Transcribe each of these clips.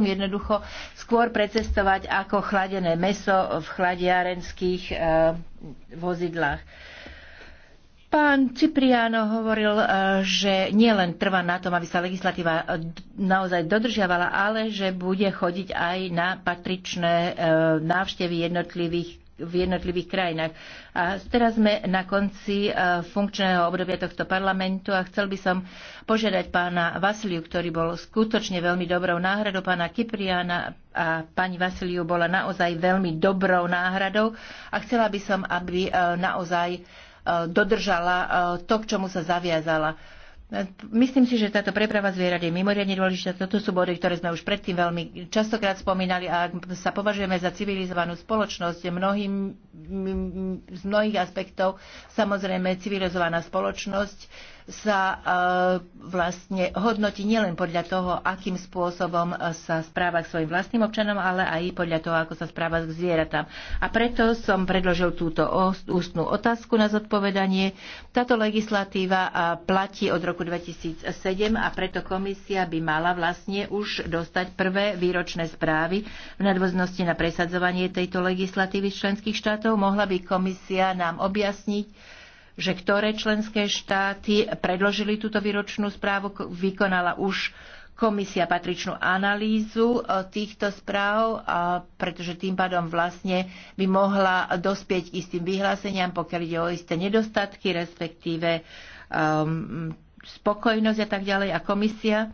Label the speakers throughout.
Speaker 1: jednoducho skôr precestovať ako chladené meso v chladiarenských e, vozidlách. Pán Cipriano hovoril, e, že nielen trvá na tom, aby sa legislatíva eh, naozaj dodržiavala, ale že bude chodiť aj na patričné e, návštevy jednotlivých v jednotlivých krajinách. A teraz sme na konci e, funkčného obdobia tohto parlamentu a chcel by som požiadať pána Vasiliu, ktorý bol skutočne veľmi dobrou náhradou, pána Kypriana a pani Vasiliu bola naozaj veľmi dobrou náhradou a chcela by som, aby e, naozaj e, dodržala to, k čomu sa zaviazala Myslím si, že táto preprava zvierat je mimoriadne dôležitá. Toto sú body, ktoré sme už predtým veľmi častokrát spomínali a ak sa považujeme za civilizovanú spoločnosť, mnohým, z mnohých aspektov samozrejme civilizovaná spoločnosť sa e, vlastne hodnotí nielen podľa toho, akým spôsobom e, sa správa k svojim vlastným občanom, ale aj podľa toho, ako sa správa k zvieratám. A preto som predložil túto ústnú otázku na zodpovedanie. Táto legislatíva e, platí od roku 2007 a preto komisia by mala vlastne už dostať prvé výročné správy v nadvoznosti na presadzovanie tejto legislatívy z členských štátov. Mohla by komisia nám objasniť, že ktoré členské štáty predložili túto výročnú správu, vykonala už komisia patričnú analýzu e, týchto správ, pretože tým pádom vlastne by mohla dospieť k istým vyhláseniam, pokiaľ ide o isté nedostatky, respektíve um, spokojnosť a tak ďalej. A komisia e,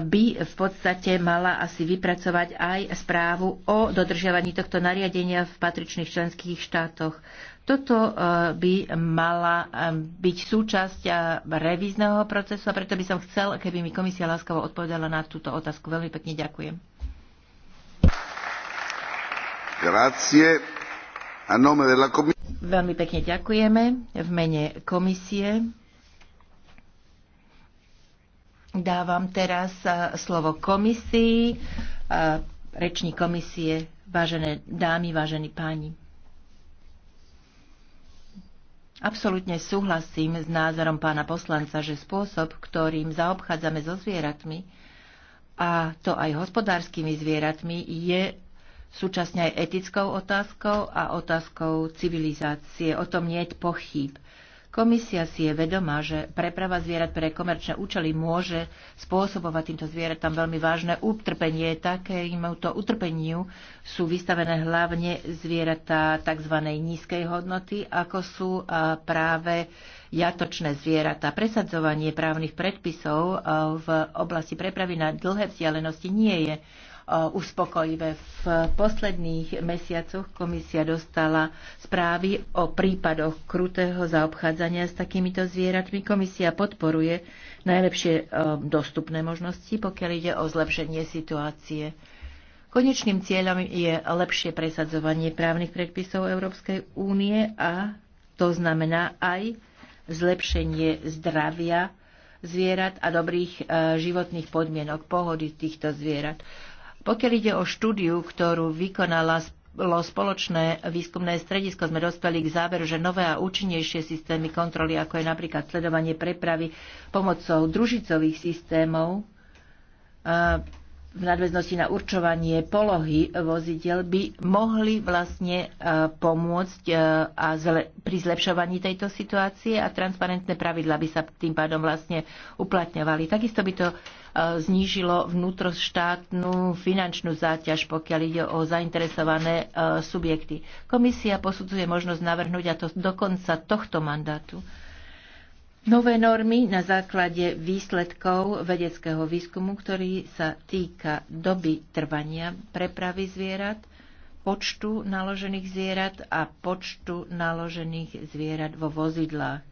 Speaker 1: by v podstate mala asi vypracovať aj správu o dodržiavaní tohto nariadenia v patričných členských štátoch. Toto eh, by mala eh, byť súčasť eh, revízneho procesu a preto by som chcel, keby mi komisia láskavo odpovedala na túto otázku. Veľmi pekne ďakujem.
Speaker 2: Grazie. A nome della
Speaker 1: Veľmi pekne ďakujeme v mene komisie. Dávam teraz slovo komisii, reční komisie, vážené dámy, vážení páni. Absolutne súhlasím s názorom pána poslanca, že spôsob, ktorým zaobchádzame so zvieratmi, a to aj hospodárskymi zvieratmi, je súčasne aj etickou otázkou a otázkou civilizácie. O tom nie je pochyb. Komisia si je vedomá, že preprava zvierat pre komerčné účely môže spôsobovať týmto zvieratám veľmi vážne utrpenie. Takémuto utrpeniu sú vystavené hlavne zvieratá tzv. nízkej hodnoty, ako sú práve jatočné zvieratá. Presadzovanie právnych predpisov v oblasti prepravy na dlhé vzdialenosti nie je Eh, uspokojivé. V posledných mesiacoch komisia dostala správy o prípadoch krutého zaobchádzania s takýmito zvieratmi. Komisia podporuje najlepšie eh, dostupné možnosti, pokiaľ ide o zlepšenie situácie. Konečným cieľom je lepšie presadzovanie právnych predpisov Európskej únie a to znamená aj zlepšenie zdravia zvierat a dobrých eh, životných podmienok, pohody týchto zvierat. Pokiaľ ide o štúdiu, ktorú vykonala spoločné výskumné stredisko, sme dostali k záveru, že nové a účinnejšie systémy kontroly, ako je napríklad sledovanie prepravy pomocou družicových systémov, v nadväznosti na určovanie polohy vozidel by mohli vlastne e, pomôcť e, a zle, pri zlepšovaní tejto situácie a transparentné pravidla by sa tým pádom vlastne uplatňovali. Takisto by to znížilo vnútroštátnu finančnú záťaž, pokiaľ ide o zainteresované e, subjekty. Komisia posudzuje možnosť navrhnúť, a to do konca tohto mandátu, nové normy na základe výsledkov vedeckého výskumu, ktorý sa týka doby trvania prepravy zvierat, počtu naložených zvierat a počtu naložených zvierat vo vozidlách.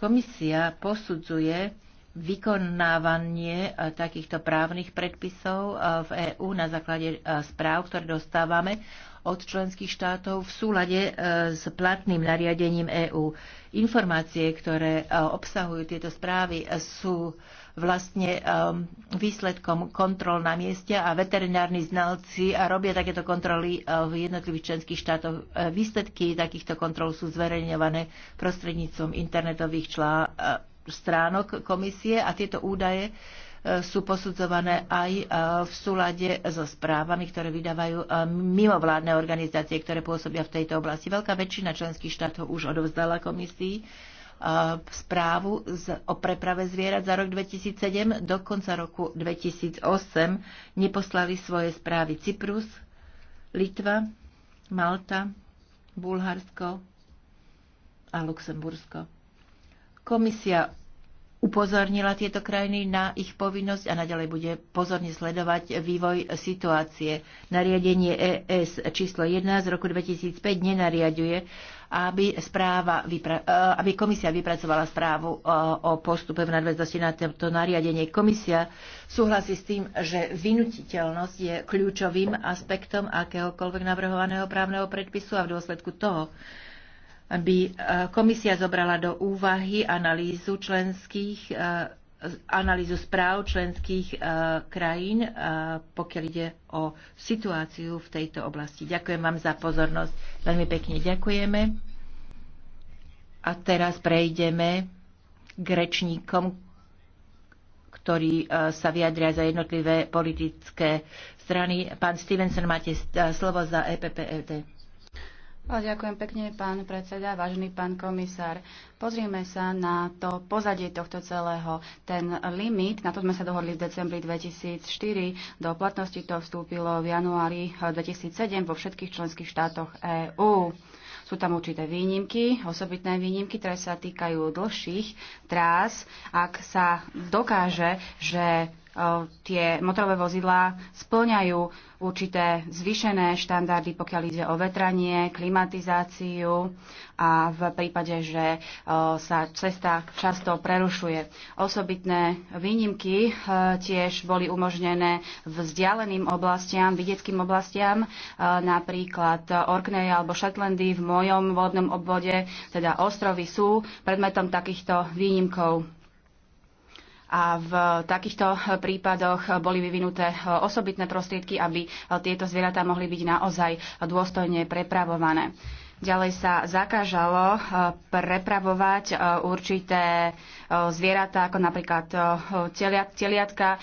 Speaker 1: Komisia posudzuje vykonávanie e, takýchto právnych predpisov e, v EÚ na základe e, správ, ktoré dostávame od členských štátov v súlade s platným nariadením EÚ. Informácie, ktoré obsahujú tieto správy, sú vlastne výsledkom kontrol na mieste a veterinárni znalci robia takéto kontroly v jednotlivých členských štátoch. Výsledky takýchto kontrol sú zverejňované prostredníctvom internetových článkov stránok komisie a tieto údaje e, sú posudzované aj e, v súlade so správami, ktoré vydávajú e, mimovládne organizácie, ktoré pôsobia v tejto oblasti. Veľká väčšina členských štátov už odovzdala komisii správu o preprave zvierat za rok 2007. Do konca roku 2008 neposlali svoje správy Cyprus, Litva, Malta, Bulharsko a Luxembursko. Komisia upozornila tieto krajiny na ich povinnosť a naďalej bude pozorne sledovať vývoj situácie. Nariadenie ES číslo 1 z roku 2005 nenariaduje, aby, správa, e, aby komisia vypracovala správu e, o postupe v nadväznosti na toto nariadenie. Komisia súhlasí s tým, že vynutiteľnosť je kľúčovým aspektom akéhokoľvek navrhovaného právneho predpisu a v dôsledku toho by e, komisia zobrala do úvahy analýzu členských e, analýzu správ členských e, krajín, pokiaľ ide o situáciu v tejto oblasti. Ďakujem vám za pozornosť. Veľmi pekne ďakujeme. A teraz prejdeme k rečníkom, ktorí sa vyjadria za jednotlivé politické strany. Pán Stevenson, máte slovo za EPPLT
Speaker 2: ďakujem pekne, pán predseda, vážený pán komisár. pozrieme sa na to pozadie tohto celého. Ten limit, na to sme sa dohodli v decembri 2004, do platnosti to vstúpilo v januári 2007 vo všetkých členských štátoch EÚ. Sú tam určité výnimky, osobitné výnimky, ktoré sa týkajú dlhších trás, ak sa dokáže, že tie motorové vozidlá splňajú určité zvýšené štandardy, pokiaľ ide o vetranie, klimatizáciu a v prípade, že sa cesta často prerušuje. Osobitné výnimky e, tiež boli umožnené vzdialeným oblastiam, vidieckým oblastiam, e, napríklad Orkney alebo Shetlandy v mojom vodnom obvode, teda ostrovy sú predmetom takýchto výnimkov. A v takýchto prípadoch boli vyvinuté osobitné prostriedky, aby tieto zvieratá mohli byť naozaj dôstojne prepravované. Ďalej sa zakážalo e, prepravovať e, určité e, zvieratá, ako napríklad teliatka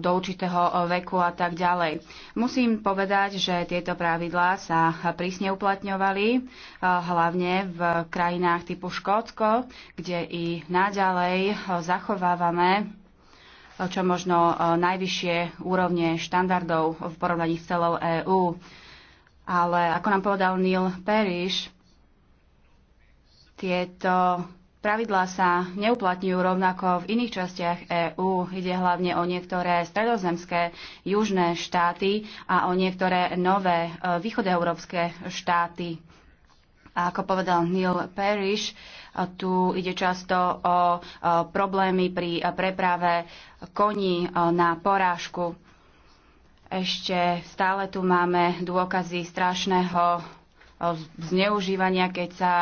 Speaker 2: do určitého veku a tak ďalej. Musím povedať, že tieto pravidlá sa prísne uplatňovali, hlavne v krajinách typu Škótsko, kde i naďalej zachovávame čo možno najvyššie úrovne štandardov v porovnaní s celou EÚ. Ale ako nám povedal Neil Parrish, tieto Pravidlá sa neuplatňujú rovnako v iných častiach EÚ. Ide hlavne o niektoré stredozemské južné štáty a o niektoré nové e, východoeurópske štáty. A ako povedal Neil Parrish, e, tu ide často o e, problémy pri preprave koní na porážku. Ešte stále tu máme dôkazy strašného zneužívania, keď sa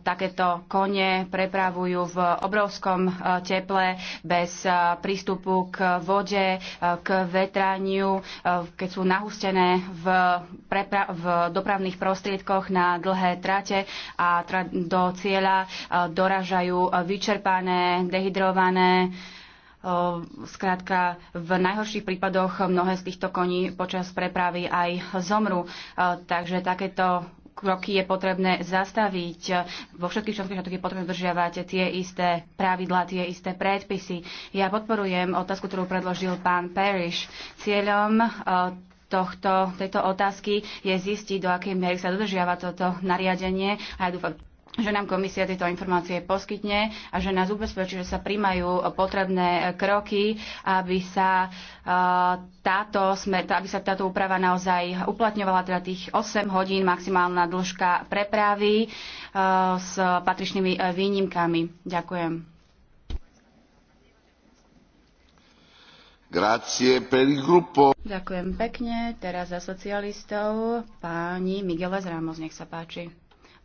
Speaker 2: takéto kone prepravujú v obrovskom teple bez prístupu k vode, k vetraniu, keď sú nahustené v, v dopravných prostriedkoch na dlhé trate a tra do cieľa doražajú vyčerpané, dehydrované Ehm, skrátka, v najhorších prípadoch mnohé z týchto koní počas prepravy aj zomru. Ehm, takže takéto kroky je potrebné zastaviť. Vo všetkých členských štátoch je potrebné držiavať tie isté pravidlá, tie isté predpisy. Ja podporujem otázku, ktorú predložil pán Parrish. Cieľom ehm, tohto, tejto otázky je zistiť, do akej miery sa dodržiava toto nariadenie a ja dúfam, že nám komisia tieto informácie poskytne a že nás ubezpečí, že sa príjmajú potrebné kroky, aby sa e, táto, smer, aby sa táto úprava naozaj uplatňovala, teda tých 8 hodín maximálna dĺžka prepravy e, s patričnými e, výnimkami. Ďakujem.
Speaker 1: Grazie per il gruppo.
Speaker 2: Ďakujem pekne. Teraz za socialistov pani Miguel Ramos, nech sa páči.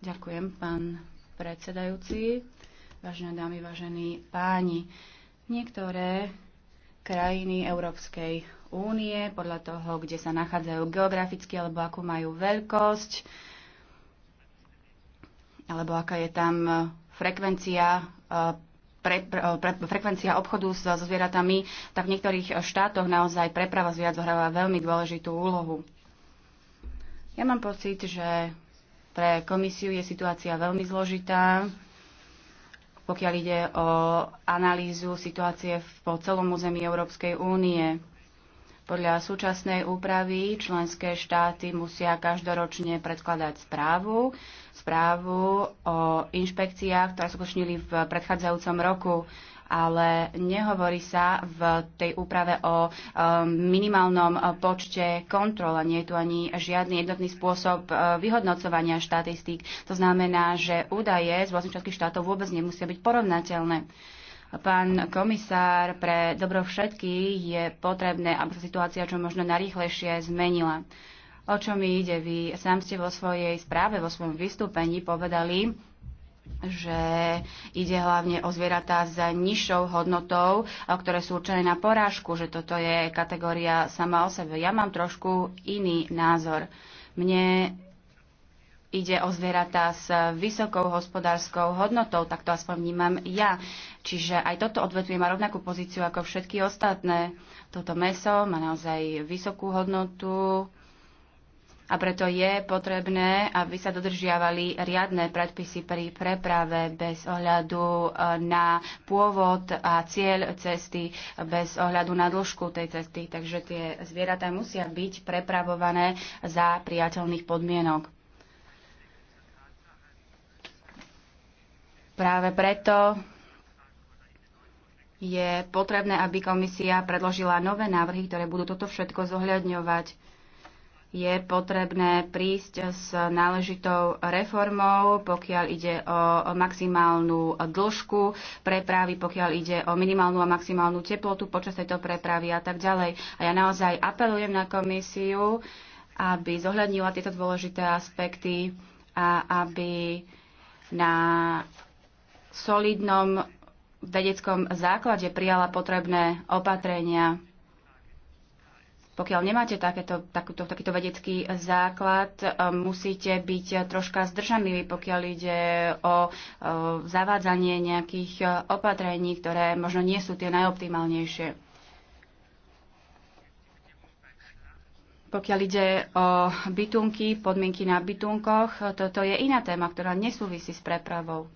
Speaker 2: Ďakujem, pán predsedajúci, vážené dámy, vážení páni. Niektoré krajiny Európskej únie, podľa toho, kde sa nachádzajú geograficky, alebo akú majú veľkosť, alebo aká je tam e, frekvencia, e, pre, e, pre, frekvencia obchodu so, so zvieratami, tak v niektorých štátoch naozaj preprava zvierat zohráva veľmi dôležitú úlohu. Ja mám pocit, že pre komisiu je situácia veľmi zložitá, pokiaľ ide o analýzu situácie po celom území Európskej únie. Podľa súčasnej úpravy členské štáty musia každoročne predkladať správu, správu o inšpekciách, ktoré počnili v predchádzajúcom roku ale nehovorí sa v tej úprave o e, minimálnom e, počte kontrol a nie je tu ani žiadny jednotný spôsob e, vyhodnocovania štatistík. To znamená, že údaje z 8 členských štátov vôbec nemusia byť porovnateľné. Pán komisár, pre dobro všetkých je potrebné, aby sa situácia čo možno narýchlejšie zmenila. O čo mi ide? Vy sám ste vo svojej správe, vo svojom vystúpení povedali, že ide hlavne o zvieratá s nižšou hodnotou, ktoré sú určené na porážku, že toto je kategória sama o sebe. Ja mám trošku iný názor. Mne ide o zvieratá s vysokou hospodárskou hodnotou, tak to aspoň vnímam ja. Čiže aj toto odvetvie má rovnakú pozíciu ako všetky ostatné. Toto meso má naozaj vysokú hodnotu, a preto je potrebné, aby sa dodržiavali riadne predpisy pri preprave bez ohľadu e, na pôvod a cieľ cesty, bez ohľadu na dĺžku tej cesty. Takže tie zvieratá musia byť prepravované za priateľných podmienok. Práve preto je potrebné, aby komisia predložila nové návrhy, ktoré budú toto všetko zohľadňovať je potrebné prísť s náležitou reformou, pokiaľ ide o maximálnu dĺžku prepravy, pokiaľ ide o minimálnu a maximálnu teplotu počas tejto prepravy a tak ďalej. A ja naozaj apelujem na komisiu, aby zohľadnila tieto dôležité aspekty a aby na solidnom vedeckom základe prijala potrebné opatrenia pokiaľ nemáte takéto, takúto, takýto vedecký základ, e, musíte byť troška zdržanliví, pokiaľ ide o, o e, zavádzanie nejakých e, opatrení, ktoré možno nie sú tie najoptimálnejšie. Pokiaľ ide o bytunky, podmienky na bytunkoch, toto je iná téma, ktorá nesúvisí s prepravou.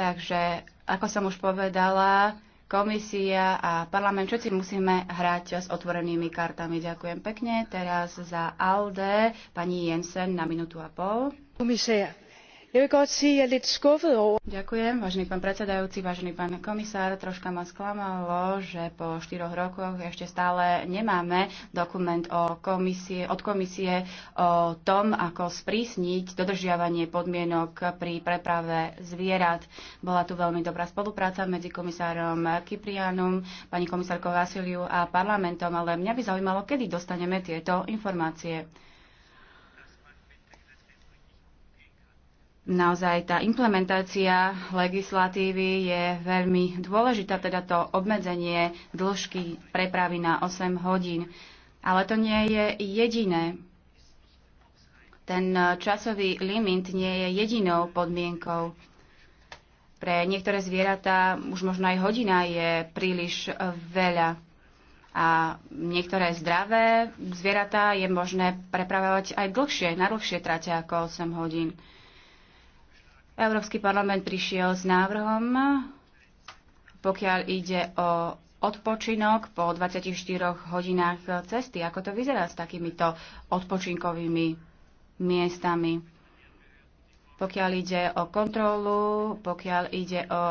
Speaker 2: Takže, ako som už povedala, komisia a parlament, všetci musíme hrať s otvorenými kartami. Ďakujem pekne. Teraz za ALDE pani Jensen na minútu a pol. Komisia. Er Ďakujem, vážený pán predsedajúci, vážený pán komisár. Troška ma sklamalo, že po štyroch rokoch ešte stále nemáme dokument o komisie, od komisie o tom, ako sprísniť dodržiavanie podmienok pri preprave zvierat. Bola tu veľmi dobrá spolupráca medzi komisárom Kyprianom, pani komisárkou Vasiliu a parlamentom, ale mňa by zaujímalo, kedy dostaneme tieto informácie. Naozaj tá implementácia legislatívy je veľmi dôležitá, teda to obmedzenie dĺžky prepravy na 8 hodín. Ale to nie je jediné. Ten časový limit nie je jedinou podmienkou. Pre niektoré zvieratá už možno aj hodina je príliš veľa. A niektoré zdravé zvieratá je možné prepravovať aj dlhšie, na dlhšie trate ako 8 hodín. Európsky parlament prišiel s návrhom, pokiaľ ide o odpočinok po 24 hodinách cesty. Ako to vyzerá s takýmito odpočinkovými miestami? Pokiaľ ide o kontrolu, pokiaľ ide o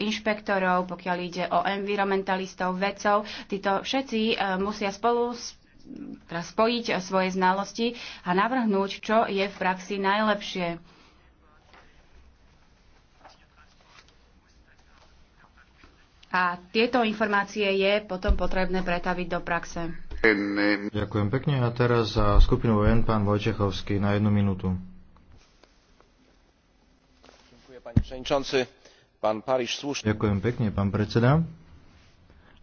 Speaker 2: inšpektorov, pokiaľ ide o environmentalistov, vedcov. Títo všetci e, musia spolu teda spojiť svoje znalosti a navrhnúť, čo je v praxi najlepšie. A tieto informácie je potom potrebné pretaviť do praxe.
Speaker 3: Ďakujem pekne. A teraz za skupinu VN pán Vojčechovský na jednu minútu. Ďakujem pekne, pán predseda.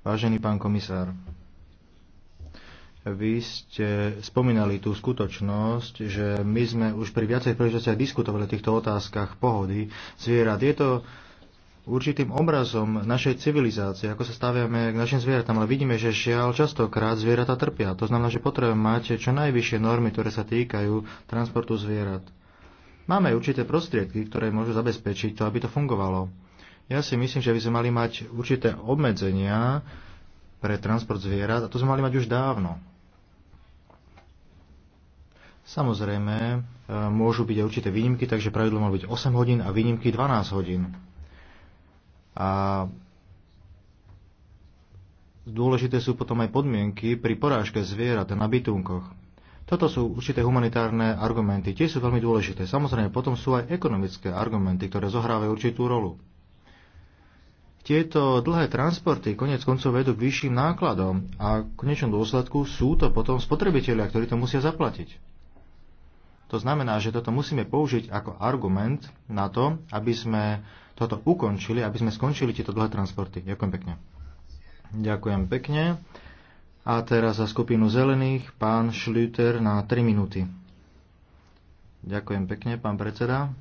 Speaker 3: Vážený pán komisár, vy ste spomínali tú skutočnosť, že my sme už pri viacej príležitostiach diskutovali o týchto otázkach pohody zvierat. Je to určitým obrazom našej civilizácie, ako sa staviame k našim zvieratám, ale vidíme, že žiaľ častokrát zvieratá trpia. To znamená, že potrebujeme mať čo najvyššie normy, ktoré sa týkajú transportu zvierat. Máme určité prostriedky, ktoré môžu zabezpečiť to, aby to fungovalo. Ja si myslím, že by sme mali mať určité obmedzenia pre transport zvierat a to sme mali mať už dávno. Samozrejme, e, môžu byť aj určité výnimky, takže pravidlo malo byť 8 hodín a výnimky 12 hodín. A dôležité sú potom aj podmienky pri porážke zvierat na bytunkoch. Toto sú určité humanitárne argumenty, tie sú veľmi dôležité. Samozrejme, potom sú aj ekonomické argumenty, ktoré zohrávajú určitú rolu. Tieto dlhé transporty konec koncov vedú k vyšším nákladom a v konečnom dôsledku sú to potom spotrebitelia, ktorí to musia zaplatiť. To znamená, že toto musíme použiť ako argument na to, aby sme toto ukončili, aby sme skončili tieto dlhé transporty. Ďakujem pekne. Ďakujem pekne. A teraz za skupinu zelených pán Šlüter na 3 minúty. Ďakujem pekne, pán predseda.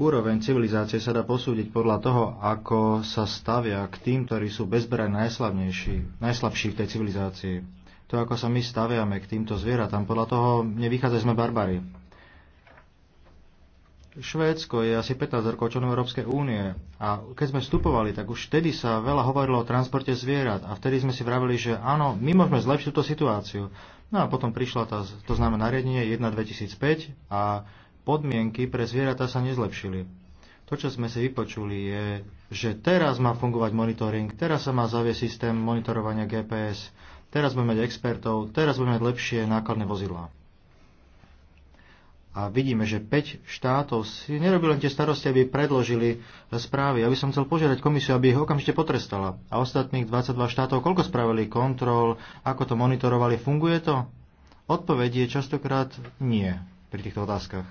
Speaker 3: Úroveň civilizácie sa dá posúdiť podľa toho, ako sa stavia k tým, ktorí sú bezbraj najslavnejší, najslabší v tej civilizácii to, ako sa my staviame k týmto zvieratám. Podľa toho nevychádzajú sme barbary. Švédsko je asi 15 rokov členom Európskej únie a keď sme vstupovali, tak už vtedy sa veľa hovorilo o transporte zvierat a vtedy sme si vravili, že áno, my môžeme zlepšiť túto situáciu. No a potom prišla tá, to známe nariadenie 1.2005 a podmienky pre zvieratá sa nezlepšili. To, čo sme si vypočuli, je, že teraz má fungovať monitoring, teraz sa má zaviesť systém monitorovania GPS, teraz budeme mať expertov, teraz budeme mať lepšie nákladné vozidlá. A vidíme, že 5 štátov si nerobili len tie starosti, aby predložili správy. Ja by som chcel požiadať komisiu, aby ich okamžite potrestala. A ostatných 22 štátov, koľko spravili kontrol, ako to monitorovali, funguje to? Odpovedie je častokrát nie pri týchto otázkach.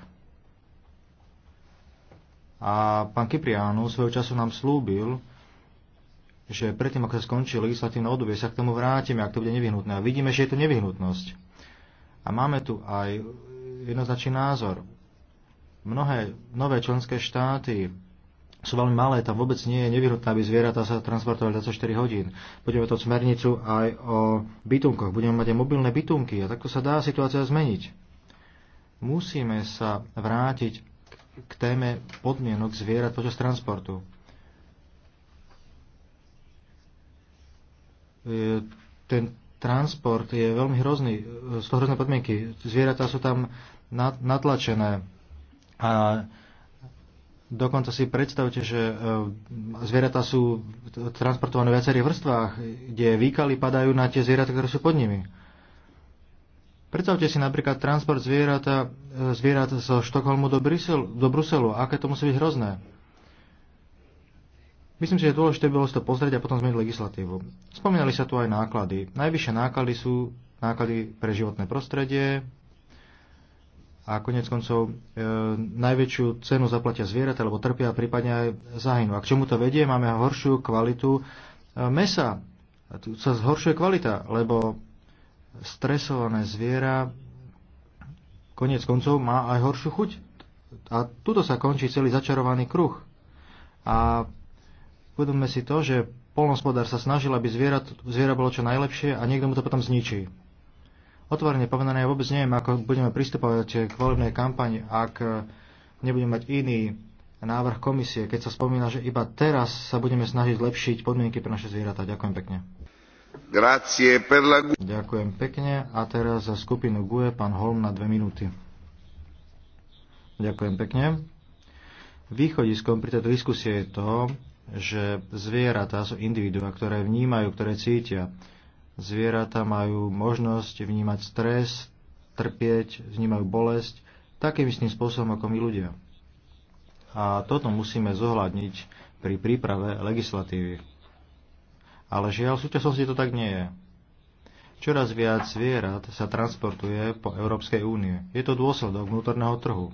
Speaker 3: A pán Kypriánu svojho času nám slúbil, že predtým, ako sa skončí legislatívne obdobie, sa k tomu vrátime, ak to bude nevyhnutné. A vidíme, že je to nevyhnutnosť. A máme tu aj jednoznačný názor. Mnohé nové členské štáty sú veľmi malé, tam vôbec nie je nevyhnutné, aby zvieratá sa transportovali 24 hodín. Budeme to smernicu aj o bytunkoch, budeme mať aj mobilné bytunky a takto sa dá situácia zmeniť. Musíme sa vrátiť k téme podmienok zvierat počas transportu. E, ten transport je veľmi hrozný, e, sú to hrozné podmienky. Zvieratá sú tam natlačené a dokonca si predstavte, že e, zvieratá sú transportované v viacerých vrstvách, kde výkaly padajú na tie zvieratá, ktoré sú pod nimi. Predstavte si napríklad transport zvieratá zvierat zo Štokholmu do, Brysel, do Bruselu. Aké to musí byť hrozné? Myslím, že je dôležité bolo si to pozrieť a potom zmeniť legislatívu. Spomínali sa tu aj náklady. Najvyššie náklady sú náklady pre životné prostredie a konec koncov e, najväčšiu cenu zaplatia zvieratá, alebo trpia a prípadne aj zahynú. A k čomu to vedie? Máme horšiu kvalitu e, mesa. A tu sa zhoršuje kvalita, lebo stresované zviera konec koncov má aj horšiu chuť. A tuto sa končí celý začarovaný kruh. A Uvedomme si to, že polnospodár sa snažil, aby zviera, zviera bolo čo najlepšie a niekto mu to potom zničí. Otvorene povedané, ja vôbec neviem, ako budeme pristupovať k volebnej kampani, ak nebudeme mať iný návrh komisie, keď sa spomína, že iba teraz sa budeme snažiť lepšiť podmienky pre naše zvieratá. Ďakujem pekne.
Speaker 1: La...
Speaker 3: Ďakujem pekne. A teraz za skupinu GUE pán Holm na dve minúty. Ďakujem pekne. Východiskom pri tejto diskusie je to, že zvieratá sú individuá, ktoré vnímajú, ktoré cítia. Zvieratá majú možnosť vnímať stres, trpieť, vnímajú bolesť takým istým spôsobom ako my ľudia. A toto musíme zohľadniť pri príprave legislatívy. Ale žiaľ, v súčasnosti to tak nie je. Čoraz viac zvierat sa transportuje po Európskej únie. Je to dôsledok vnútorného trhu.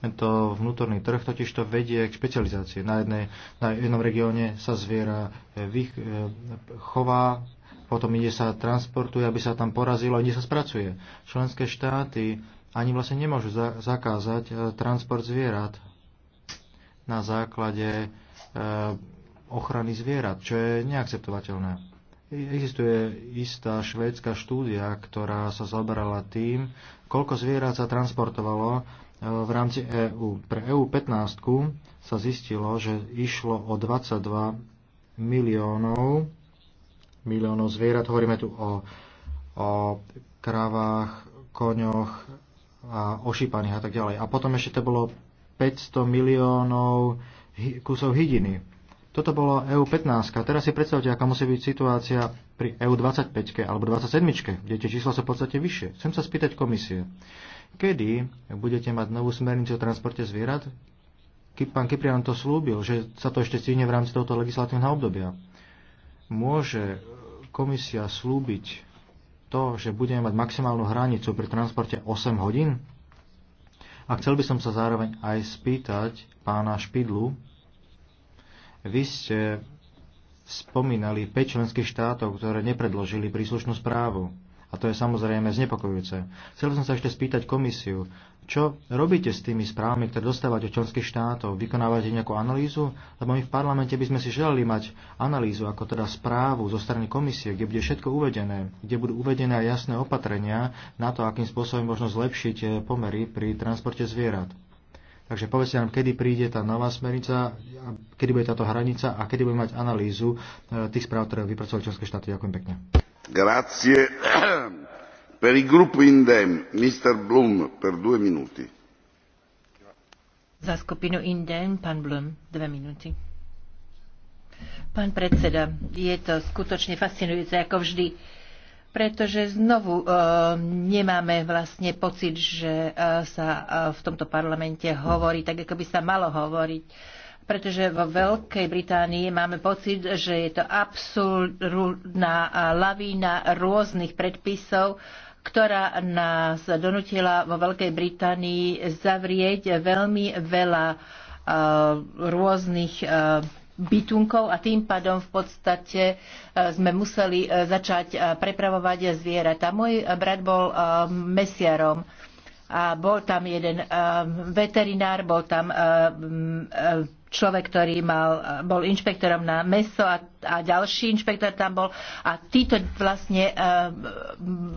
Speaker 3: Tento vnútorný trh totiž to vedie k špecializácii. Na, jednej, na jednom regióne sa zviera e, vych, e, chová, potom ide sa transportuje, aby sa tam porazilo a ide sa spracuje. Členské štáty ani vlastne nemôžu za, zakázať e, transport zvierat na základe e, ochrany zvierat, čo je neakceptovateľné. Existuje istá švédska štúdia, ktorá sa zabrala tým, koľko zvierat sa transportovalo v rámci EÚ. Pre EU15 sa zistilo, že išlo o 22 miliónov, miliónov zvierat. Hovoríme tu o, o kravách, koňoch a ošípaných a tak ďalej. A potom ešte to bolo 500 miliónov kusov hydiny. Toto bolo EU15. Teraz si predstavte, aká musí byť situácia pri EU25 alebo 27, kde tie čísla sú v podstate vyššie. Chcem sa spýtať komisie. Kedy budete mať novú smernicu o transporte zvierat? Pán Kyprian to slúbil, že sa to ešte stihne v rámci tohto legislatívneho obdobia. Môže komisia slúbiť to, že budeme mať maximálnu hranicu pri transporte 8 hodín? A chcel by som sa zároveň aj spýtať pána Špidlu. Vy ste spomínali 5 členských štátov, ktoré nepredložili príslušnú správu. A to je samozrejme znepokojujúce. Chcel som sa ešte spýtať komisiu, čo robíte s tými správami, ktoré dostávate od členských štátov? Vykonávate nejakú analýzu? Lebo my v parlamente by sme si želali mať analýzu, ako teda správu zo strany komisie, kde bude všetko uvedené, kde budú uvedené aj jasné opatrenia na to, akým spôsobom možno zlepšiť eh, pomery pri transporte zvierat. Takže povedzte nám, kedy príde tá nová smernica, kedy bude táto hranica a kedy bude mať analýzu eh, tých správ, ktoré vypracovali členské štáty. Ďakujem pekne.
Speaker 1: Za skupinu pán dve predseda, je to skutočne fascinujúce, ako vždy pretože znovu eh, nemáme vlastne pocit, že eh, sa eh, v tomto parlamente hovorí tak, ako by sa malo hovoriť pretože vo Veľkej Británii máme pocit, že je to absolútna lavína rôznych predpisov, ktorá nás donutila vo Veľkej Británii zavrieť veľmi veľa e, rôznych e, bytunkov a tým pádom v podstate e, sme museli začať prepravovať zvieratá. Môj brat bol mesiarom a bol tam jeden veterinár, bol tam človek, ktorý mal, bol inšpektorom na meso a, a ďalší inšpektor tam bol a títo vlastne e,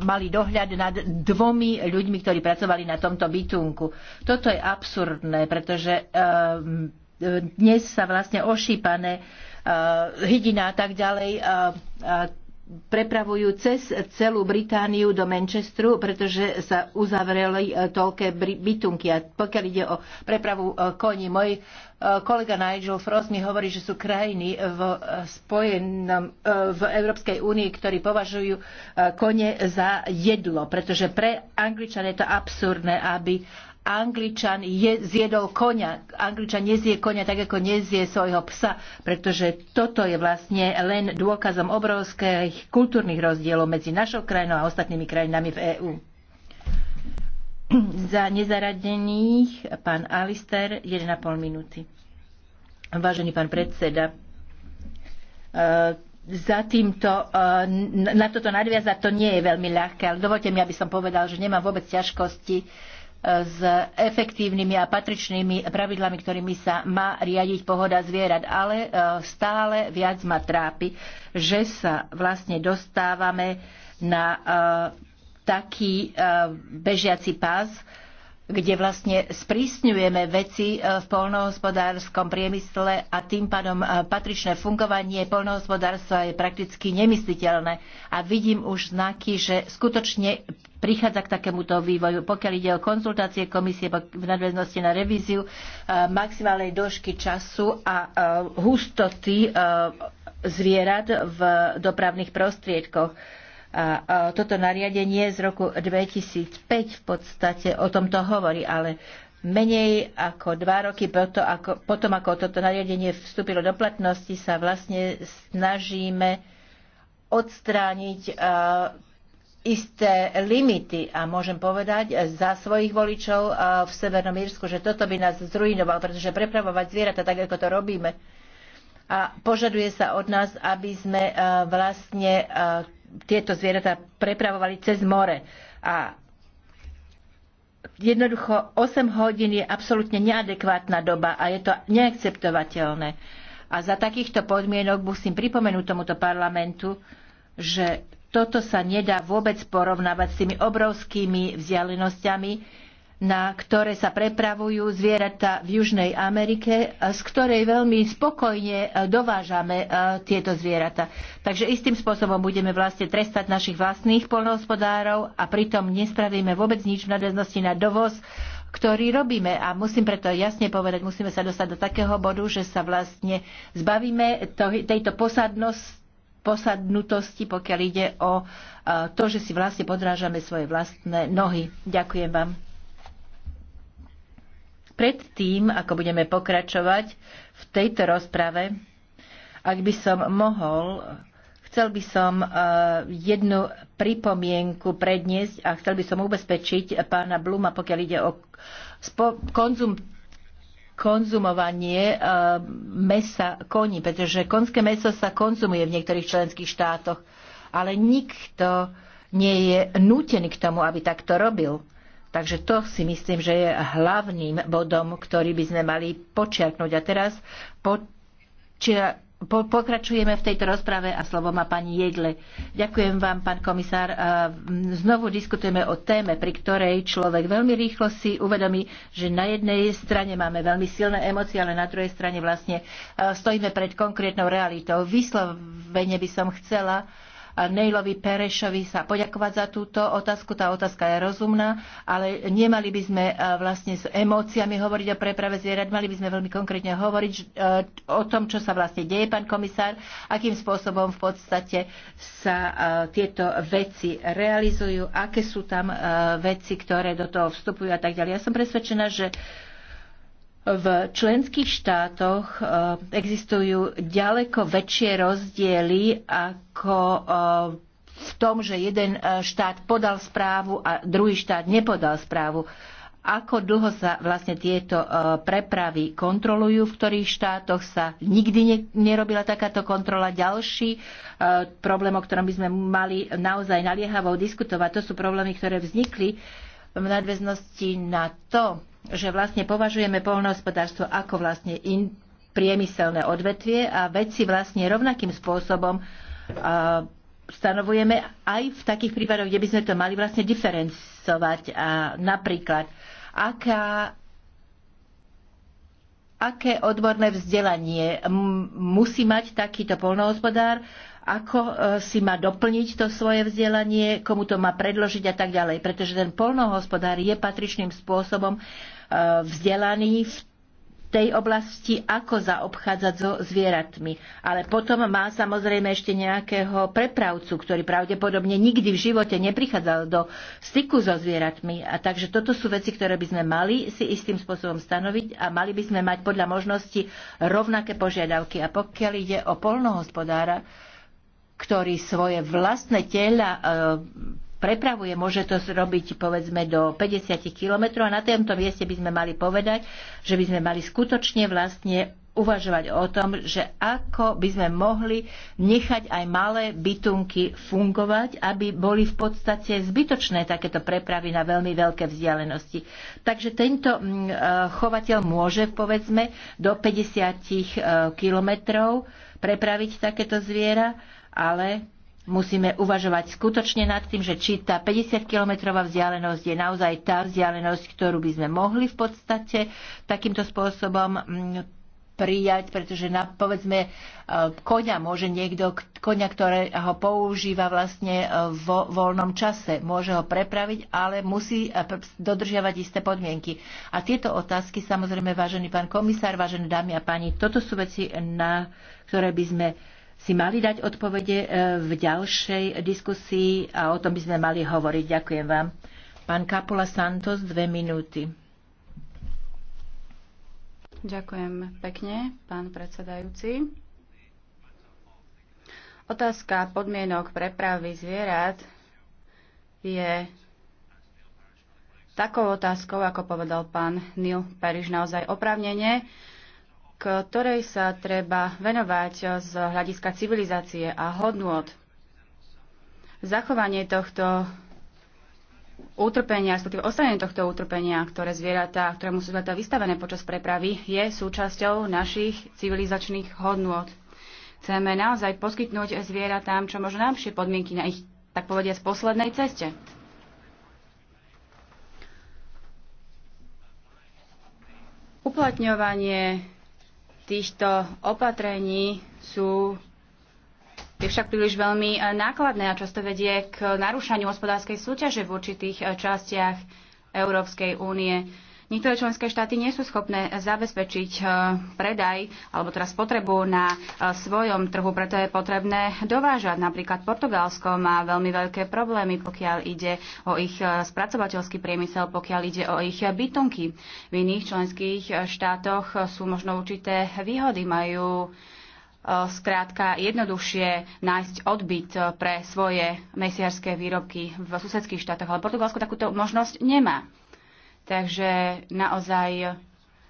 Speaker 1: mali dohľad nad dvomi ľuďmi, ktorí pracovali na tomto bytunku. Toto je absurdné, pretože e, dnes sa vlastne ošípané e, hydina a tak ďalej e, e, prepravujú cez celú Britániu do Manchesteru, pretože sa uzavreli e, toľké bytunky. A pokiaľ ide o prepravu e, koní, môj e, kolega Nigel Frost mi hovorí, že sú krajiny v, spojenom, v Európskej únii, ktorí považujú kone za jedlo, pretože pre Angličan je to absurdné, aby Angličan je, zjedol konia. Angličan nezie konia tak, ako nezie svojho psa, pretože toto je vlastne len dôkazom obrovských kultúrnych rozdielov medzi našou krajinou a ostatnými krajinami v EÚ. Za nezaradených pán Alister 1,5 minúty. Vážený pán predseda, e, za týmto, e, na toto nadviazať to nie je veľmi ľahké, ale dovolte mi, aby som povedal, že nemám vôbec ťažkosti s efektívnymi a patričnými pravidlami, ktorými sa má riadiť pohoda zvierat. Ale e, stále viac ma trápi, že sa vlastne dostávame na e, taký e, bežiaci pás, kde vlastne sprísňujeme veci v polnohospodárskom priemysle a tým pádom patričné fungovanie polnohospodárstva je prakticky nemysliteľné. A vidím už znaky, že skutočne prichádza k takémuto vývoju. Pokiaľ ide o konzultácie komisie v nadväznosti na revíziu e, maximálnej dĺžky času a e, hustoty e, zvierat v dopravných prostriedkoch. A toto nariadenie z roku 2005 v podstate o tomto hovorí, ale menej ako dva roky potom, ako, potom, ako toto nariadenie vstúpilo do platnosti, sa vlastne snažíme odstrániť isté limity a môžem povedať za svojich voličov v Severnom Írsku, že toto by nás zrujnoval, pretože prepravovať zvieratá tak, ako to robíme, a požaduje sa od nás, aby sme e, vlastne e, tieto zvieratá prepravovali cez more. A jednoducho 8 hodín je absolútne neadekvátna doba a je to neakceptovateľné. A za takýchto podmienok musím pripomenúť tomuto parlamentu, že toto sa nedá vôbec porovnávať s tými obrovskými vzdialenosťami, na ktoré sa prepravujú zvieratá v Južnej Amerike, z ktorej veľmi spokojne e, dovážame e, tieto zvieratá. Takže istým spôsobom budeme vlastne trestať našich vlastných polnohospodárov a pritom nespravíme vôbec nič v nadväznosti na dovoz, ktorý robíme. A musím preto jasne povedať, musíme sa dostať do takého bodu, že sa vlastne zbavíme tejto posadnosti posadnutosti, pokiaľ ide o e, to, že si vlastne podrážame svoje vlastné nohy. Ďakujem vám. Predtým, ako budeme pokračovať v tejto rozprave, ak by som mohol, chcel by som e, jednu pripomienku predniesť a chcel by som ubezpečiť pána Bluma, pokiaľ ide o konzum konzumovanie eh, mesa koní, pretože konské meso sa konzumuje v niektorých členských štátoch, ale nikto nie je nútený k tomu, aby takto robil. Takže to si myslím, že je hlavným bodom, ktorý by sme mali počiarknúť. A teraz počiarknúť Pokračujeme v tejto rozprave a slovo má pani Jedle. Ďakujem vám, pán komisár. Znovu diskutujeme o téme, pri ktorej človek veľmi rýchlo si uvedomí, že na jednej strane máme veľmi silné emócie, ale na druhej strane vlastne stojíme pred konkrétnou realitou. Vyslovene by som chcela Nejlovi Perešovi sa poďakovať za túto otázku. Tá otázka je rozumná, ale nemali by sme e, vlastne s emóciami hovoriť o preprave zvierat, mali by sme veľmi konkrétne hovoriť e, o tom, čo sa vlastne deje, pán komisár, akým spôsobom v podstate sa e, tieto veci realizujú, aké sú tam veci, ktoré do toho vstupujú a tak ďalej. Ja som presvedčená, že v členských štátoch e, existujú ďaleko väčšie rozdiely ako e, v tom, že jeden e, štát podal správu a druhý štát nepodal správu. Ako dlho sa vlastne tieto prepravy kontrolujú, v ktorých štátoch sa nikdy nerobila takáto kontrola. Ďalší problém, o ktorom by sme mali naozaj naliehavo diskutovať, to sú problémy, ktoré vznikli v nadväznosti na to, že vlastne považujeme poľnohospodárstvo ako vlastne in, priemyselné odvetvie a veci vlastne rovnakým spôsobom stanovujeme aj v takých prípadoch, kde by sme to mali vlastne diferencovať. A napríklad, aká, aké odborné vzdelanie musí mať takýto polnohospodár, ako e, si má doplniť to svoje vzdelanie, komu to má predložiť a tak ďalej. Pretože ten polnohospodár je patričným spôsobom e, vzdelaný v tej oblasti, ako zaobchádzať so zvieratmi. Ale potom má samozrejme ešte nejakého prepravcu, ktorý pravdepodobne nikdy v živote neprichádzal do styku so zvieratmi. A takže toto sú veci, ktoré by sme mali si istým spôsobom stanoviť a mali by sme mať podľa možnosti rovnaké požiadavky. A pokiaľ ide o polnohospodára, ktorý svoje vlastné tela e, prepravuje, môže to zrobiť povedzme do 50 kilometrov a na tomto mieste by sme mali povedať, že by sme mali skutočne vlastne uvažovať o tom, že ako by sme mohli nechať aj malé bytunky fungovať, aby boli v podstate zbytočné takéto prepravy na veľmi veľké vzdialenosti. Takže tento mm, e, chovateľ môže, povedzme, do 50 e, kilometrov prepraviť takéto zviera ale musíme uvažovať skutočne nad tým, že či tá 50-kilometrová vzdialenosť je naozaj tá vzdialenosť, ktorú by sme mohli v podstate takýmto spôsobom mm, prijať, pretože na, povedzme e, koňa môže niekto, koňa, ktorého používa vlastne e, vo voľnom čase, môže ho prepraviť, ale musí e, dodržiavať isté podmienky. A tieto otázky, samozrejme, vážený pán komisár, vážené dámy a páni, toto sú veci, na ktoré by sme si mali dať odpovede e, v ďalšej diskusii a o tom by sme mali hovoriť. Ďakujem vám. Pán Kapula Santos, dve minúty.
Speaker 2: Ďakujem pekne, pán predsedajúci. Otázka podmienok prepravy zvierat je takou otázkou, ako povedal pán Neil Parish, naozaj oprávnenie ktorej sa treba venovať z hľadiska civilizácie a hodnôt. Zachovanie tohto utrpenia, respektíve ostanie tohto utrpenia, ktoré zvieratá, ktorému sú zvieratá vystavené počas prepravy, je súčasťou našich civilizačných hodnôt. Chceme naozaj poskytnúť zvieratám čo možno najlepšie podmienky na ich, tak povediať, poslednej ceste. Uplatňovanie týchto opatrení sú je však príliš veľmi e, nákladné a často vedie k narúšaniu hospodárskej súťaže v určitých e, častiach Európskej únie. Niektoré členské štáty nie sú schopné zabezpečiť e, predaj alebo teraz potrebu na e, svojom trhu, preto je potrebné dovážať. Napríklad Portugalsko má veľmi veľké problémy, pokiaľ ide o ich e, spracovateľský priemysel, pokiaľ ide o ich bytonky. V iných členských štátoch sú možno určité výhody, majú skrátka jednoduchšie nájsť odbyt pre svoje mesiarské výrobky v susedských štátoch, ale Portugalsko takúto možnosť nemá. Takže naozaj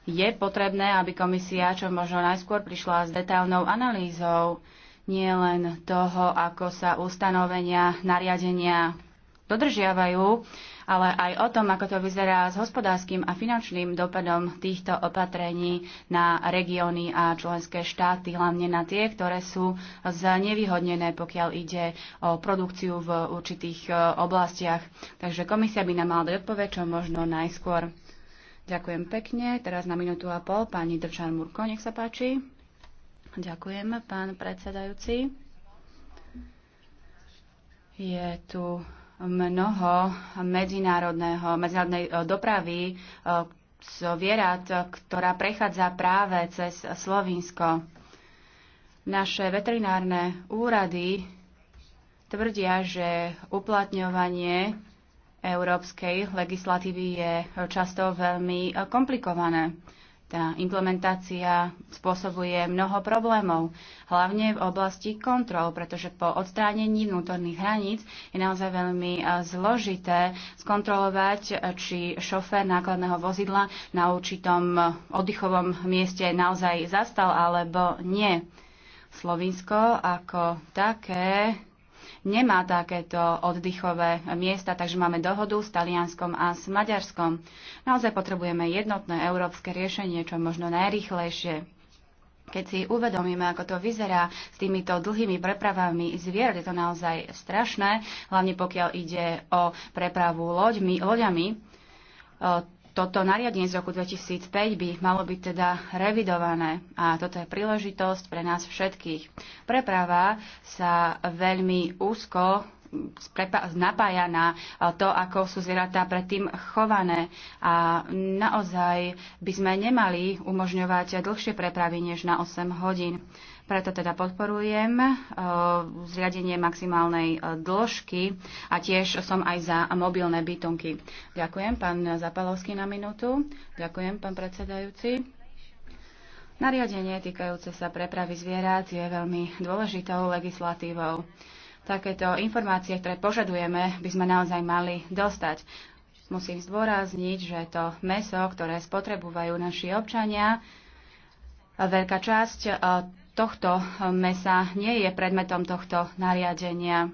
Speaker 2: je potrebné, aby komisia čo možno najskôr prišla s detailnou analýzou nielen toho, ako sa ustanovenia, nariadenia dodržiavajú, ale aj o tom, ako to vyzerá s hospodárskym a finančným dopadom týchto opatrení na regióny a členské štáty, hlavne na tie, ktoré sú znevýhodnené, pokiaľ ide o produkciu v určitých e, oblastiach. Takže komisia by nám mala dať odpoveď, čo možno najskôr. Ďakujem pekne. Teraz na minútu a pol pani Drčan Murko, nech sa páči. Ďakujem, pán predsedajúci. Je tu mnoho medzinárodného, medzinárodnej e, dopravy e, zvierat, ktorá prechádza práve cez Slovinsko. Naše veterinárne úrady tvrdia, že uplatňovanie európskej legislatívy je často veľmi e, komplikované. Tá implementácia spôsobuje mnoho problémov, hlavne v oblasti kontrol, pretože po odstránení vnútorných hraníc je naozaj veľmi eh, zložité skontrolovať, eh, či šofér nákladného vozidla na určitom eh, oddychovom mieste naozaj zastal alebo nie. Slovinsko ako také nemá takéto oddychové miesta, takže máme dohodu s Talianskom a s Maďarskom. Naozaj potrebujeme jednotné európske riešenie, čo možno najrychlejšie. Keď si uvedomíme, ako to vyzerá s týmito dlhými prepravami zvierat, je to naozaj strašné, hlavne pokiaľ ide o prepravu loďmi, loďami toto nariadenie z roku 2005 by malo byť teda revidované a toto je príležitosť pre nás všetkých. Preprava sa veľmi úzko napája na to, ako sú zvieratá predtým chované. A naozaj by sme nemali umožňovať dlhšie prepravy než na 8 hodín. Preto teda podporujem eh, zriadenie maximálnej eh, dĺžky a tiež som aj za mobilné bytunky. Ďakujem, pán Zapalovský na minútu. Ďakujem, pán predsedajúci. Nariadenie týkajúce sa prepravy zvierat je veľmi dôležitou legislatívou. Takéto informácie, ktoré požadujeme, by sme naozaj mali dostať. Musím zdôrazniť, že to meso, ktoré spotrebujú naši občania, veľká časť eh, tohto eh, mesa nie je predmetom tohto nariadenia.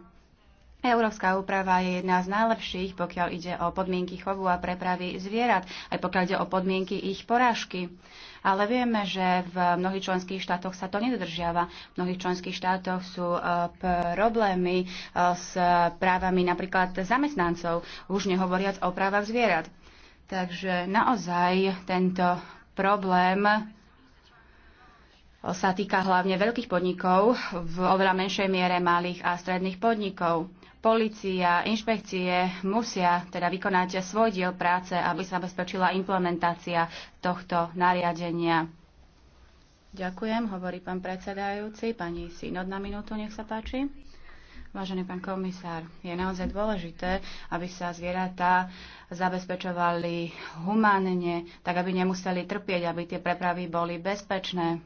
Speaker 2: Európska úprava je jedna z najlepších, pokiaľ ide o podmienky chovu a prepravy zvierat, aj pokiaľ ide o podmienky ich porážky. Ale vieme, že v mnohých členských štátoch sa to nedodržiava. V mnohých členských štátoch sú eh, problémy eh, s právami napríklad zamestnancov, už nehovoriac o právach zvierat. Takže naozaj tento problém sa týka hlavne veľkých podnikov, v oveľa menšej miere malých a stredných podnikov. Polícia, inšpekcie musia teda vykonať svoj diel práce, aby sa zabezpečila implementácia tohto nariadenia. Ďakujem, hovorí pán predsedajúci. Pani Synod na minútu, nech sa páči. Vážený pán komisár, je naozaj dôležité, aby sa zvieratá zabezpečovali humánne, tak aby nemuseli trpieť, aby tie prepravy boli bezpečné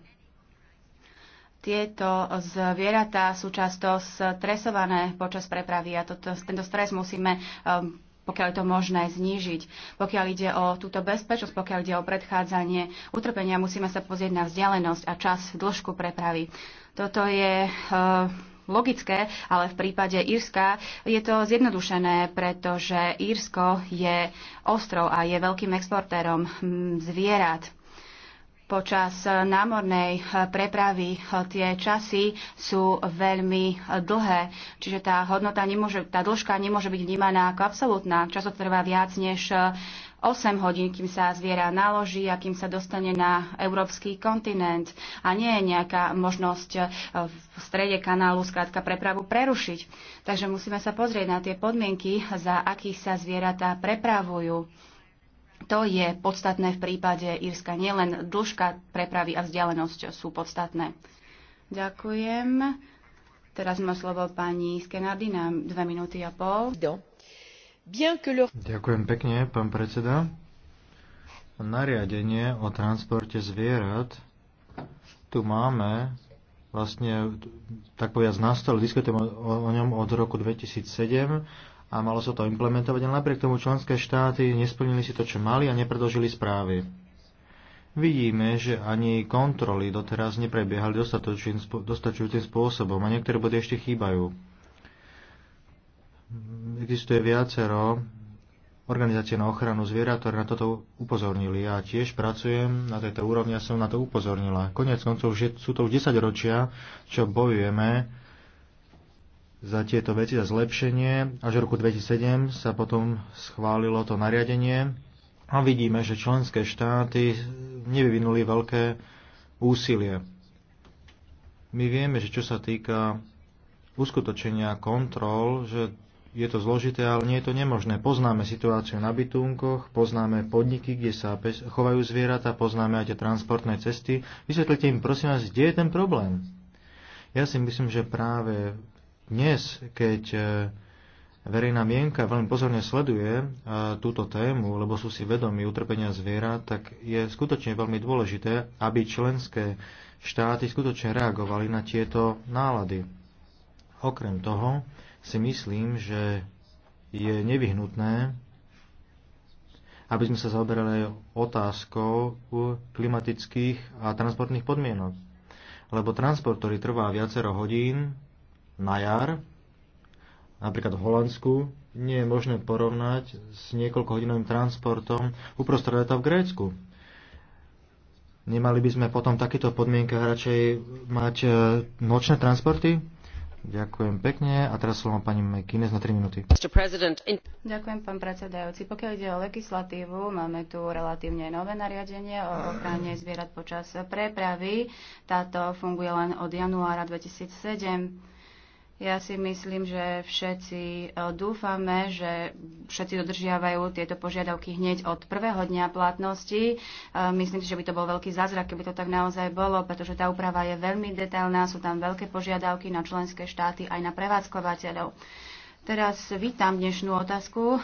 Speaker 2: tieto zvieratá sú často stresované počas prepravy a toto, tento stres musíme um, pokiaľ je to možné znížiť. Pokiaľ ide o túto bezpečnosť, pokiaľ ide o predchádzanie utrpenia, musíme sa pozrieť na vzdialenosť a čas, dĺžku prepravy. Toto je uh, logické, ale v prípade Írska je to zjednodušené, pretože Írsko je ostrov a je veľkým exportérom mm, zvierat počas námornej eh, prepravy eh, tie časy sú veľmi eh, dlhé, čiže tá hodnota nemôže, tá dĺžka nemôže byť vnímaná ako absolútna. Často trvá viac než 8 hodín, kým sa zviera naloží a kým sa dostane na európsky kontinent. A nie je nejaká možnosť v strede kanálu skrátka prepravu prerušiť. Takže musíme sa pozrieť na tie podmienky, za akých sa zvieratá prepravujú to je podstatné v prípade Írska. Nielen dĺžka prepravy a vzdialenosť sú podstatné. Ďakujem. Teraz má slovo pani Skenardy na dve minúty a pol. Ďakujem
Speaker 3: pekne, pán predseda. Nariadenie o transporte zvierat tu máme vlastne, tak povedať, na stole diskutujeme o, o ňom od roku 2007 a malo sa to implementovať, ale napriek tomu členské štáty nesplnili si to, čo mali a nepredložili správy. Vidíme, že ani kontroly doteraz neprebiehali dostačujúcim spôsobom a niektoré body ešte chýbajú. Existuje viacero organizácie na ochranu zvierat, ktoré na toto upozornili. Ja tiež pracujem na tejto úrovni a som na to upozornila. Konec koncov že sú to už 10 ročia, čo bojujeme za tieto veci, za zlepšenie. Až v roku 2007 sa potom schválilo to nariadenie a vidíme, že členské štáty nevyvinuli veľké úsilie. My vieme, že čo sa týka uskutočenia kontrol, že je to zložité, ale nie je to nemožné. Poznáme situáciu na bytunkoch, poznáme podniky, kde sa chovajú zvieratá, poznáme aj tie transportné cesty. Vysvetlite im, prosím vás, kde je ten problém? Ja si myslím, že práve dnes, keď e, verejná mienka veľmi pozorne sleduje e, túto tému, lebo sú si vedomi utrpenia zviera, tak je skutočne veľmi dôležité, aby členské štáty skutočne reagovali na tieto nálady. Okrem toho si myslím, že je nevyhnutné, aby sme sa zaoberali otázkou klimatických a transportných podmienok. Lebo transport, ktorý trvá viacero hodín, na jar, napríklad v Holandsku, nie je možné porovnať s niekoľkohodinovým transportom uprostred leta v Grécku. Nemali by sme potom takéto podmienky podmienkach radšej mať e, nočné transporty? Ďakujem pekne a teraz slovo pani McInnes na 3 minúty.
Speaker 2: Ďakujem, pán predsedajúci. Pokiaľ ide o legislatívu, máme tu relatívne nové nariadenie o ochrane zvierat počas prepravy. Táto funguje len od januára 2007 ja si myslím, že všetci eh, dúfame, že všetci dodržiavajú tieto požiadavky hneď od prvého dňa platnosti. Eh, myslím si, že by to bol veľký zázrak, keby to tak naozaj bolo, pretože tá úprava je veľmi detailná, sú tam veľké požiadavky na členské štáty aj na prevádzkovateľov. Teraz vítam dnešnú otázku eh,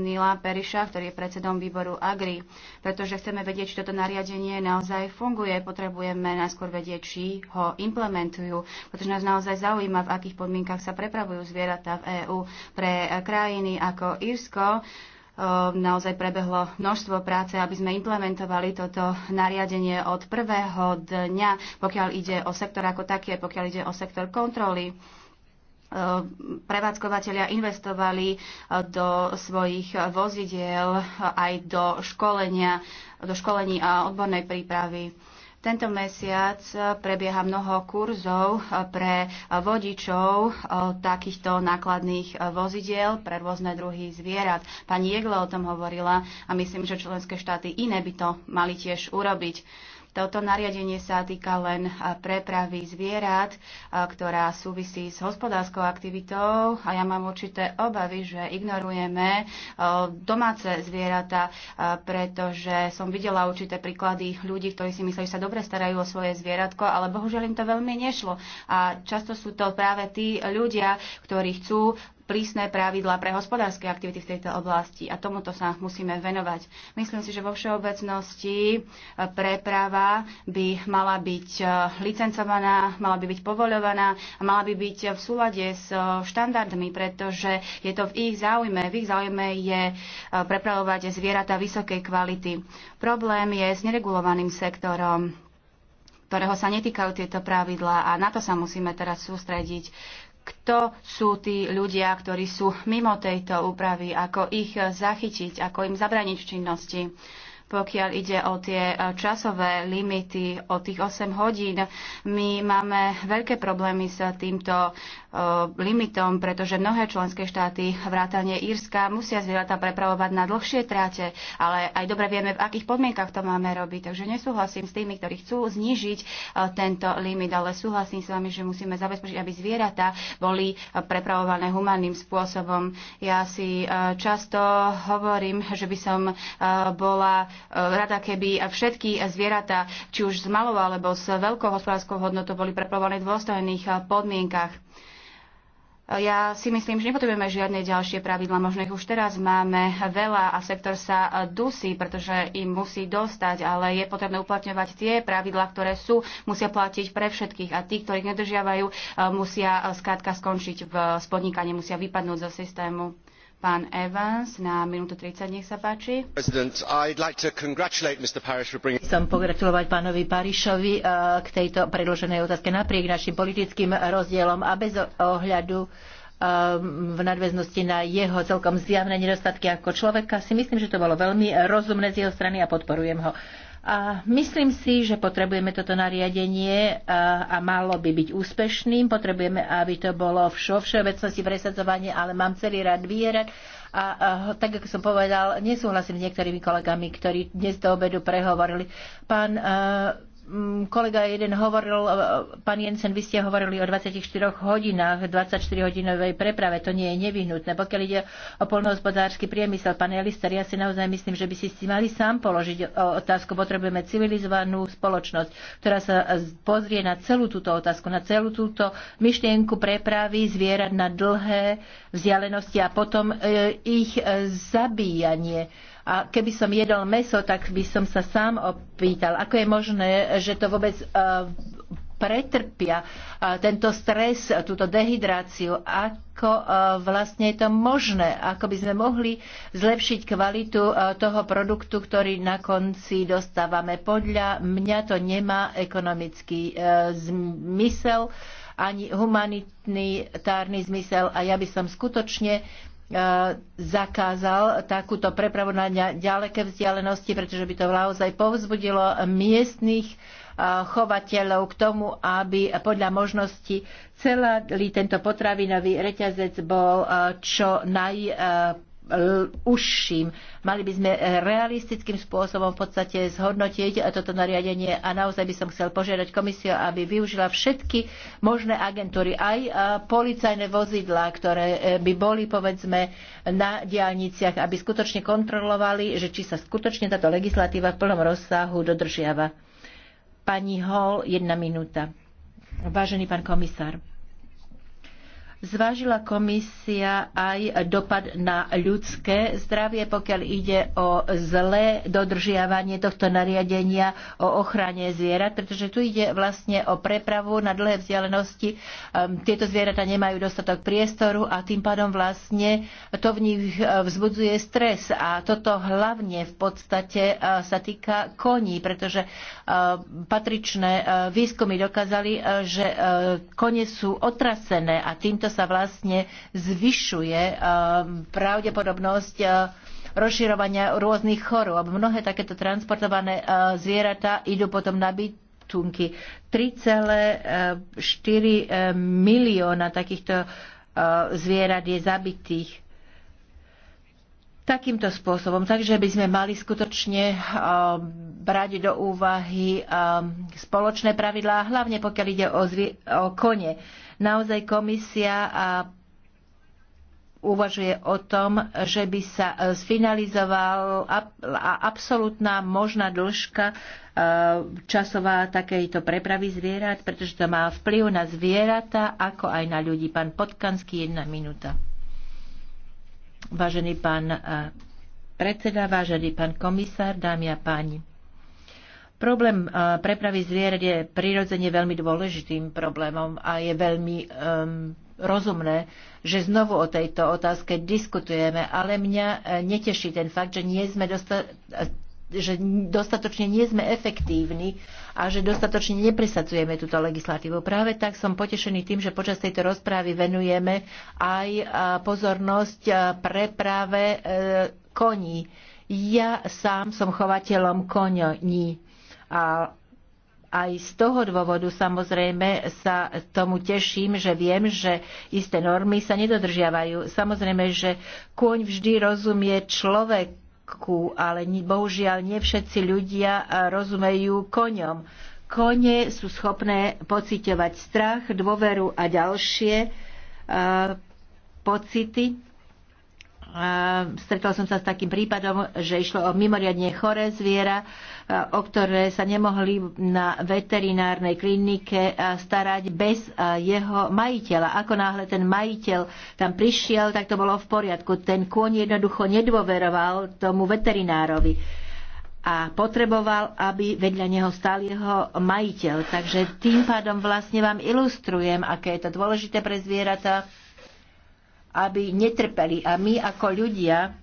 Speaker 2: Nila Periša, ktorý je predsedom výboru AGRI, pretože chceme vedieť, či toto nariadenie naozaj funguje. Potrebujeme najskôr vedieť, či ho implementujú, pretože nás naozaj zaujíma, v akých podmienkach sa prepravujú zvieratá v EÚ pre krajiny ako Írsko eh, naozaj prebehlo množstvo práce, aby sme implementovali toto nariadenie od prvého dňa, pokiaľ ide o sektor ako také, pokiaľ ide o sektor kontroly prevádzkovateľia investovali e, do svojich vozidiel e, aj do školenia, do školení a odbornej prípravy. Tento mesiac e, prebieha mnoho kurzov pre vodičov takýchto nákladných vozidiel pre rôzne druhy zvierat. Pani Jegle o tom hovorila a myslím, že členské štáty iné by to mali tiež urobiť. Toto nariadenie sa týka len prepravy zvierat, ktorá súvisí s hospodárskou aktivitou a ja mám určité obavy, že ignorujeme domáce zvieratá, pretože som videla určité príklady ľudí, ktorí si mysleli, že sa dobre starajú o svoje zvieratko, ale bohužiaľ im to veľmi nešlo. A často sú to práve tí ľudia, ktorí chcú prísne pravidlá pre hospodárske aktivity v tejto oblasti a tomuto sa musíme venovať. Myslím si, že vo všeobecnosti e, preprava by mala byť e, licencovaná, mala by byť povoľovaná a mala by byť v súlade s e, štandardmi, pretože je to v ich záujme. V ich záujme je prepravovať zvieratá vysokej kvality. Problém je s neregulovaným sektorom ktorého sa netýkajú tieto pravidlá a na to sa musíme teraz sústrediť kto sú tí ľudia, ktorí sú mimo tejto úpravy, ako ich zachytiť, ako im zabraniť v činnosti. Pokiaľ ide o tie e, časové limity, o tých 8 hodín, my máme veľké problémy s týmto Eh, limitom, pretože mnohé členské štáty, vrátane Írska, musia zvieratá prepravovať na dlhšie tráte, ale aj dobre vieme, v akých podmienkach to máme robiť. Takže nesúhlasím s tými, ktorí chcú znížiť eh, tento limit, ale súhlasím s vami, že musíme zabezpečiť, aby zvieratá boli eh, prepravované humánnym spôsobom. Ja si často hovorím, že by som bola rada, keby všetky zvieratá, či už z malou alebo s veľkou hospodárskou hodnotou, boli prepravované v dôstojných podmienkach. Ja si myslím, že nepotrebujeme žiadne ďalšie pravidla, možno ich už teraz máme veľa a sektor sa dusí, pretože im musí dostať, ale je potrebné uplatňovať tie pravidla, ktoré sú, musia platiť pre všetkých a tí, ktorých nedržiavajú, eh, musia eh, skrátka skončiť v spodnikaní, musia vypadnúť zo systému. Pán Evans, na minútu 30, nech sa páči.
Speaker 3: Chcem pogratulovať
Speaker 1: pánovi Parišovi eh, k tejto predloženej otázke napriek našim politickým rozdielom a bez ohľadu eh, v nadväznosti na jeho celkom zjavné nedostatky ako človeka. Si myslím, že to bolo veľmi rozumné z jeho strany a podporujem ho. A myslím si, že potrebujeme toto nariadenie a, a malo by byť úspešným. Potrebujeme, aby to bolo všo, všeobecnosti presadzovanie, ale mám celý rad výrad. A, a tak, ako som povedal, nesúhlasím s niektorými kolegami, ktorí dnes do obedu prehovorili. Pán a, Mm, kolega jeden hovoril, e, pán Jensen, vy ste hovorili o 24 hodinách, 24-hodinovej preprave, to nie je nevyhnutné. Pokiaľ ide o polnohospodársky priemysel, pán Elister, ja si naozaj myslím, že by si si mali sám položiť e, otázku. Potrebujeme civilizovanú spoločnosť, ktorá sa e, pozrie na celú túto otázku, na celú túto myšlienku prepravy zvierat na dlhé vzdialenosti a potom ich zabíjanie a keby som jedol meso, tak by som sa sám opýtal, ako je možné, že to vôbec e, pretrpia e, tento stres, túto dehydráciu, ako e, vlastne je to možné, ako by sme mohli zlepšiť kvalitu toho produktu, ktorý na konci dostávame. Podľa mňa to nemá ekonomický zmysel ani humanitárny zmysel a ja by som skutočne E, zakázal takúto prepravu na ďaleké vzdialenosti, pretože by to naozaj povzbudilo miestných e, chovateľov k tomu, aby podľa možnosti celý tento potravinový reťazec bol e, čo naj Eh, užším. Mali by sme realistickým spôsobom v podstate zhodnotiť toto nariadenie a naozaj by som chcel požiadať komisiu, aby využila všetky možné agentúry, aj eh, policajné vozidlá, ktoré eh, by boli povedzme na diálniciach, aby skutočne kontrolovali, že či sa skutočne táto legislatíva v plnom rozsahu dodržiava. Pani Hall, jedna minúta. Vážený pán komisár. Zvážila komisia aj dopad na ľudské zdravie, pokiaľ ide o zlé dodržiavanie tohto nariadenia o ochrane zvierat, pretože tu ide vlastne o prepravu na dlhé vzdialenosti. Ehm, tieto zvieratá nemajú dostatok priestoru a tým pádom vlastne to v nich eh, vzbudzuje stres. A toto hlavne v podstate eh, sa týka koní, pretože eh, patričné výskumy dokázali, že kone sú otrasené a týmto sa vlastne zvyšuje eh, pravdepodobnosť eh, rozširovania rôznych chorôb. Mnohé takéto transportované eh, zvieratá idú potom na bytunky. 3,4 milióna takýchto zvierat je zabitých takýmto spôsobom. Takže by sme mali skutočne brať do úvahy spoločné pravidlá, hlavne pokiaľ ide o, o kone Naozaj komisia a uvažuje o tom, že by sa e, sfinalizovala absolútna možná dĺžka e, časová takejto prepravy zvierat, pretože to má vplyv na zvieratá, ako aj na ľudí. Pán Podkanský, jedna minúta. Vážený pán e, predseda, vážený pán komisár, dámy a páni. Problém eh, prepravy zvierat je prirodzene veľmi dôležitým problémom a je veľmi um, rozumné, že znovu o tejto otázke diskutujeme, ale mňa eh, neteší ten fakt, že nie sme dosta- eh, že dostatočne nie sme efektívni a že dostatočne nepresadzujeme túto legislatívu. Práve tak som potešený tým, že počas tejto rozprávy venujeme aj pozornosť preprave koní. Ja sám som chovateľom koní a aj z toho dôvodu samozrejme sa tomu teším, že viem, že isté normy sa nedodržiavajú. Samozrejme, že kôň vždy rozumie človek ale bohužiaľ nie všetci ľudia rozumejú koňom. Kone sú schopné pocitovať strach, dôveru a ďalšie eh, pocity stretla som sa s takým prípadom, že išlo o mimoriadne choré zviera, o ktoré sa nemohli na veterinárnej klinike starať bez jeho majiteľa. Ako náhle ten majiteľ tam prišiel, tak to bolo v poriadku. Ten kôň jednoducho nedôveroval tomu veterinárovi a potreboval, aby vedľa neho stál jeho majiteľ. Takže tým pádom vlastne vám ilustrujem, aké je to dôležité pre zvieratá, aby netrpeli. A my ako ľudia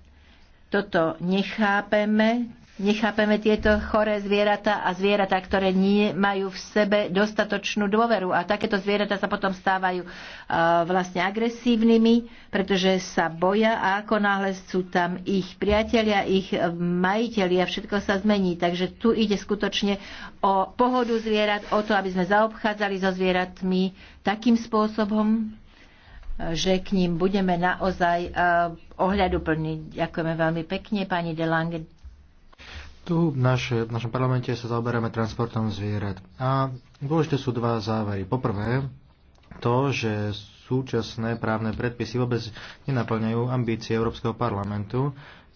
Speaker 1: toto nechápeme, nechápeme tieto choré zvieratá a zvieratá, ktoré nemajú v sebe dostatočnú dôveru. A takéto zvieratá sa potom stávajú vlastne agresívnymi, pretože sa boja a ako náhle sú tam ich priatelia, ich e, majiteľi a všetko sa zmení. Takže tu ide skutočne o pohodu zvierat, o to, aby sme zaobchádzali so zvieratmi takým spôsobom, že k ním budeme naozaj eh, ohľadu plniť. Ďakujeme veľmi pekne, pani Delange.
Speaker 3: Tu v, naše, v našom parlamente sa zaoberáme transportom zvierat. A dôležité sú dva závery. Poprvé, to, že súčasné právne predpisy vôbec nenaplňajú ambície Európskeho parlamentu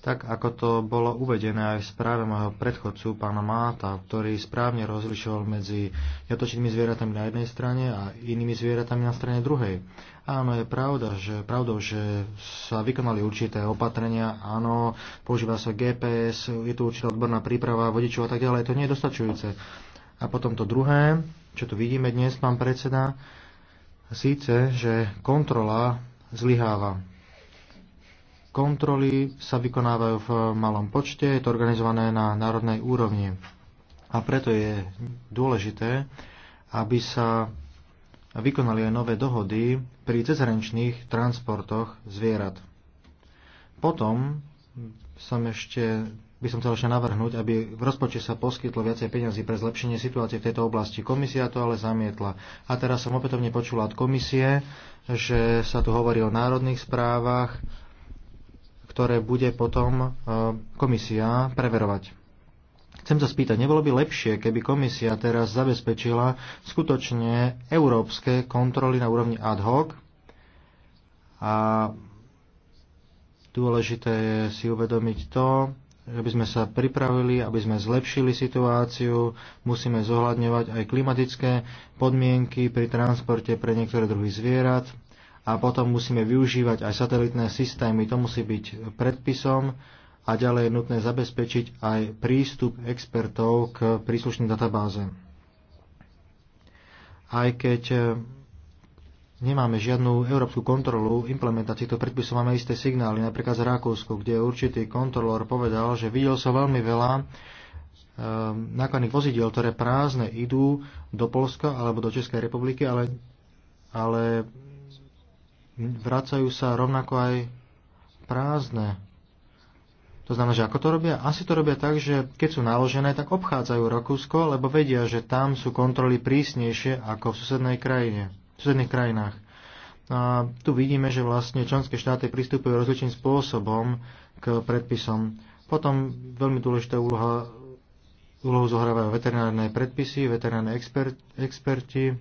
Speaker 3: tak ako to bolo uvedené aj v správe môjho predchodcu, pána Máta, ktorý správne rozlišoval medzi jatočnými zvieratami na jednej strane a inými zvieratami na strane druhej. Áno, je pravda, že, pravdou, že sa vykonali určité opatrenia, áno, používa sa GPS, je tu určitá odborná príprava vodičov a tak ďalej, to nie je dostačujúce. A potom to druhé, čo tu vidíme dnes, pán predseda, síce, že kontrola zlyháva Kontroly sa vykonávajú v malom počte, je to organizované na národnej úrovni. A preto je dôležité, aby sa vykonali aj nové dohody pri cezhraničných transportoch zvierat. Potom som ešte, by som chcel ešte navrhnúť, aby v rozpočte sa poskytlo viacej peniazy pre zlepšenie situácie v tejto oblasti. Komisia to ale zamietla. A teraz som opätovne počula od komisie, že sa tu hovorí o národných správach, ktoré bude potom e, komisia preverovať. Chcem sa spýtať, nebolo by lepšie, keby komisia teraz zabezpečila skutočne európske kontroly na úrovni ad hoc a dôležité je si uvedomiť to, aby sme sa pripravili, aby sme zlepšili situáciu, musíme zohľadňovať aj klimatické podmienky pri transporte pre niektoré druhy zvierat, a potom musíme využívať aj satelitné systémy. To musí byť predpisom a ďalej je nutné zabezpečiť aj prístup expertov k príslušným databáze. Aj keď eh, nemáme žiadnu európsku kontrolu implementácií týchto predpisov, máme isté signály, napríklad z Rakúsku, kde určitý kontrolór povedal, že videl som veľmi veľa eh, nákladných vozidiel, ktoré prázdne idú do Polska alebo do Českej republiky, ale, ale vracajú sa rovnako aj prázdne. To znamená, že ako to robia? Asi to robia tak, že keď sú naložené, tak obchádzajú Rakúsko, lebo vedia, že tam sú kontroly prísnejšie ako v susednej krajine, v susedných krajinách. A tu vidíme, že vlastne členské štáty pristupujú rozličným spôsobom k predpisom. Potom veľmi dôležitá úloha, úlohu zohrávajú veterinárne predpisy, veterinárne expert, experti,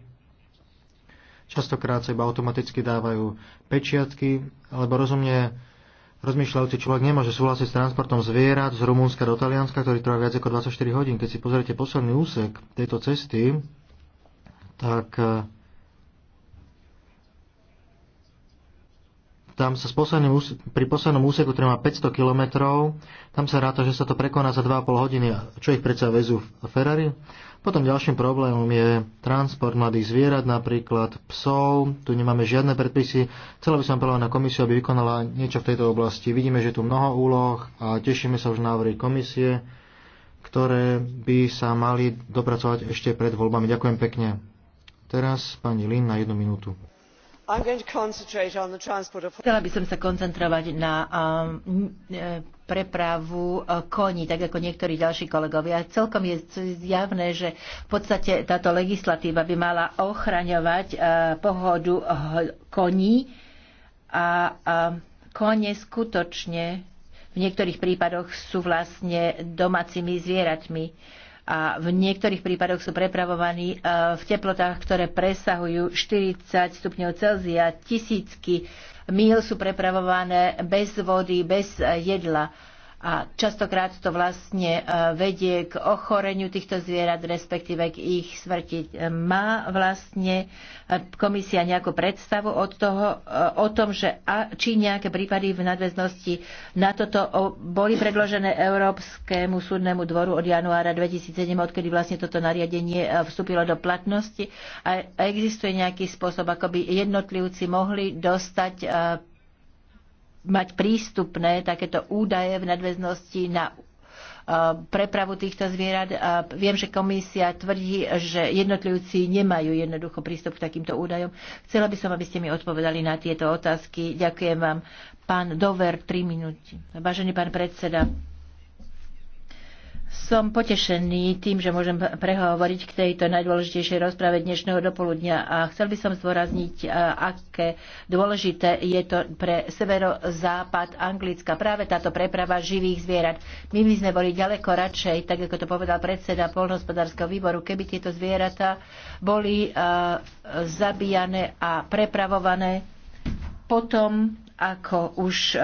Speaker 3: Častokrát sa iba automaticky dávajú pečiatky, alebo rozumne rozmýšľajúci človek nemôže súhlasiť s transportom zvierat z Rumúnska do Talianska, ktorý trvá viac ako 24 hodín. Keď si pozriete posledný úsek tejto cesty, tak tam sa posledným, pri poslednom úseku, ktorý má 500 kilometrov, tam sa ráta, že sa to prekoná za 2,5 hodiny, čo ich predsa vezú v Ferrari. Potom ďalším problémom je transport mladých zvierat, napríklad psov. Tu nemáme žiadne predpisy. Chcela by som apelovať na komisiu, aby vykonala niečo v tejto oblasti. Vidíme, že je tu mnoho úloh a tešíme sa už na návrhy komisie, ktoré by sa mali dopracovať ešte pred voľbami. Ďakujem pekne. Teraz pani Lin na jednu minútu.
Speaker 1: Chcela by som sa koncentrovať na um, e, prepravu e, koní, tak ako niektorí ďalší kolegovia. Celkom je zjavné, že v podstate táto legislatíva by mala ochraňovať e, pohodu koní a kone skutočne v niektorých prípadoch sú vlastne domácimi zvieratmi a v niektorých prípadoch sú prepravovaní e, v teplotách, ktoré presahujú 40 stupňov Celzia. Tisícky míl sú prepravované bez vody, bez jedla a častokrát to vlastne e, vedie k ochoreniu týchto zvierat, respektíve k ich smrti. Má vlastne e, komisia nejakú predstavu od toho, e, o tom, že a, či nejaké prípady v nadväznosti na toto boli predložené Európskemu súdnemu dvoru od januára 2007, odkedy vlastne toto nariadenie vstúpilo do platnosti. A existuje nejaký spôsob, ako by jednotlivci mohli dostať mať prístupné takéto údaje v nadväznosti na uh, prepravu týchto zvierat. Viem, že komisia tvrdí, že jednotlivci nemajú jednoducho prístup k takýmto údajom. Chcela by som, aby ste mi odpovedali na tieto otázky. Ďakujem vám. Pán Dover, 3 minúty. Vážený pán predseda, som potešený tým, že môžem prehovoriť k tejto najdôležitejšej rozprave dnešného dopoludnia a chcel by som zdôrazniť, aké dôležité je to pre severozápad Anglicka práve táto preprava živých zvierat. My by sme boli ďaleko radšej, tak ako to povedal predseda polnohospodárskeho výboru, keby tieto zvieratá boli zabíjane a prepravované potom, ako už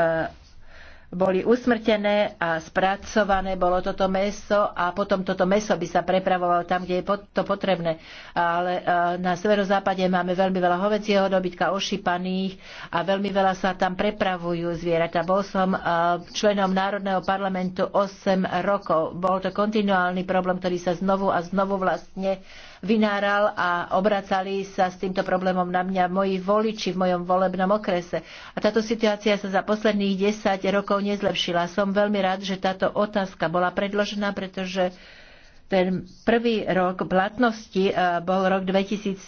Speaker 1: boli usmrtené a spracované bolo toto meso a potom toto meso by sa prepravovalo tam, kde je to potrebné. Ale e, na severozápade máme veľmi veľa hovecieho dobytka ošípaných a veľmi veľa sa tam prepravujú zvieratá. Bol som e, členom Národného parlamentu 8 rokov. Bol to kontinuálny problém, ktorý sa znovu a znovu vlastne vynáral a obracali sa s týmto problémom na mňa moji voliči v mojom volebnom okrese. A táto situácia sa za posledných 10 rokov nezlepšila. Som veľmi rád, že táto otázka bola predložená, pretože ten prvý rok platnosti eh, bol rok 2007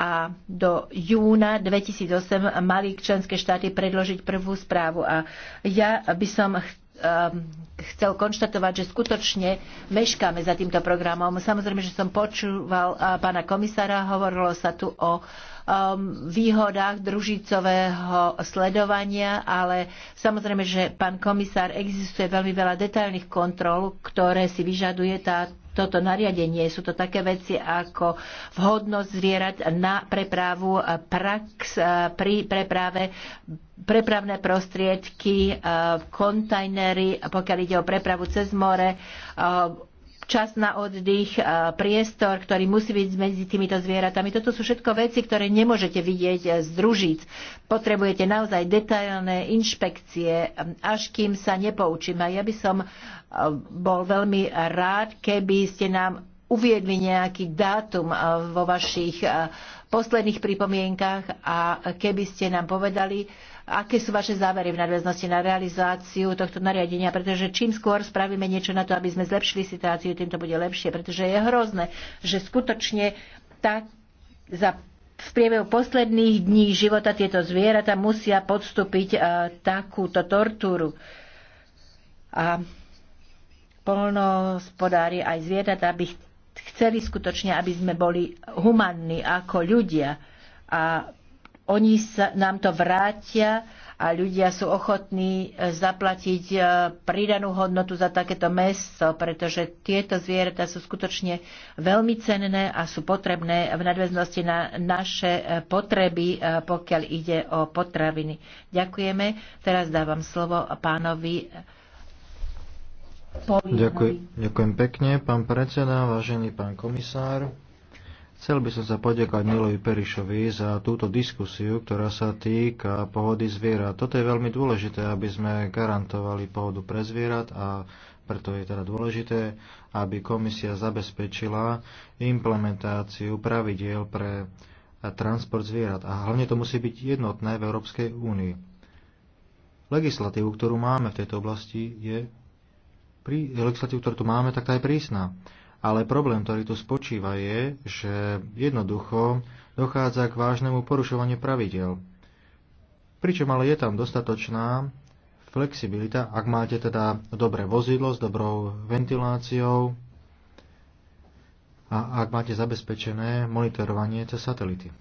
Speaker 1: a do júna 2008 mali členské štáty predložiť prvú správu. A ja by som Um, chcel konštatovať, že skutočne meškáme za týmto programom. Samozrejme, že som počúval uh, pána komisára, hovorilo sa tu o um, výhodách družicového sledovania, ale samozrejme, že pán komisár, existuje veľmi veľa detailných kontrol, ktoré si vyžaduje tá, toto nariadenie. Sú to také veci ako vhodnosť zvierat na prepravu, prax uh, pri preprave prepravné prostriedky, e, kontajnery, pokiaľ ide o prepravu cez more, e, čas na oddych, e, priestor, ktorý musí byť medzi týmito zvieratami. Toto sú všetko veci, ktoré nemôžete vidieť z družíc. Potrebujete naozaj detailné inšpekcie, až kým sa nepoučíme. Ja by som bol veľmi rád, keby ste nám uviedli nejaký dátum vo vašich posledných pripomienkach a keby ste nám povedali, aké sú vaše závery v nadväznosti na realizáciu tohto nariadenia, pretože čím skôr spravíme niečo na to, aby sme zlepšili situáciu, tým to bude lepšie, pretože je hrozné, že skutočne tak za v priebehu posledných dní života tieto zvieratá musia podstúpiť e, takúto tortúru. A polnospodári aj zvieratá by chceli skutočne, aby sme boli humanní ako ľudia. A oni sa, nám to vrátia a ľudia sú ochotní e, zaplatiť e, pridanú hodnotu za takéto meso, pretože tieto zvieratá sú skutočne veľmi cenné a sú potrebné v nadväznosti na naše e, potreby, pokiaľ ide o potraviny. Ďakujeme. Teraz dávam slovo pánovi.
Speaker 3: Ďakujem, ďakujem pekne, pán predseda, vážený pán komisár. Chcel by som sa poďakovať Nilovi Perišovi za túto diskusiu, ktorá sa týka pohody zvierat. Toto je veľmi dôležité, aby sme garantovali pohodu pre zvierat a preto je teda dôležité, aby komisia zabezpečila implementáciu pravidiel pre transport zvierat. A hlavne to musí byť jednotné v Európskej únii. Legislatívu, ktorú máme v tejto oblasti, je pri legislatívu, ktorú tu máme, tak tá je prísna. Ale problém, ktorý tu spočíva, je, že jednoducho dochádza k vážnemu porušovaniu pravidel. Pričom ale je tam dostatočná flexibilita, ak máte teda dobré vozidlo s dobrou ventiláciou a ak máte zabezpečené monitorovanie cez satelity.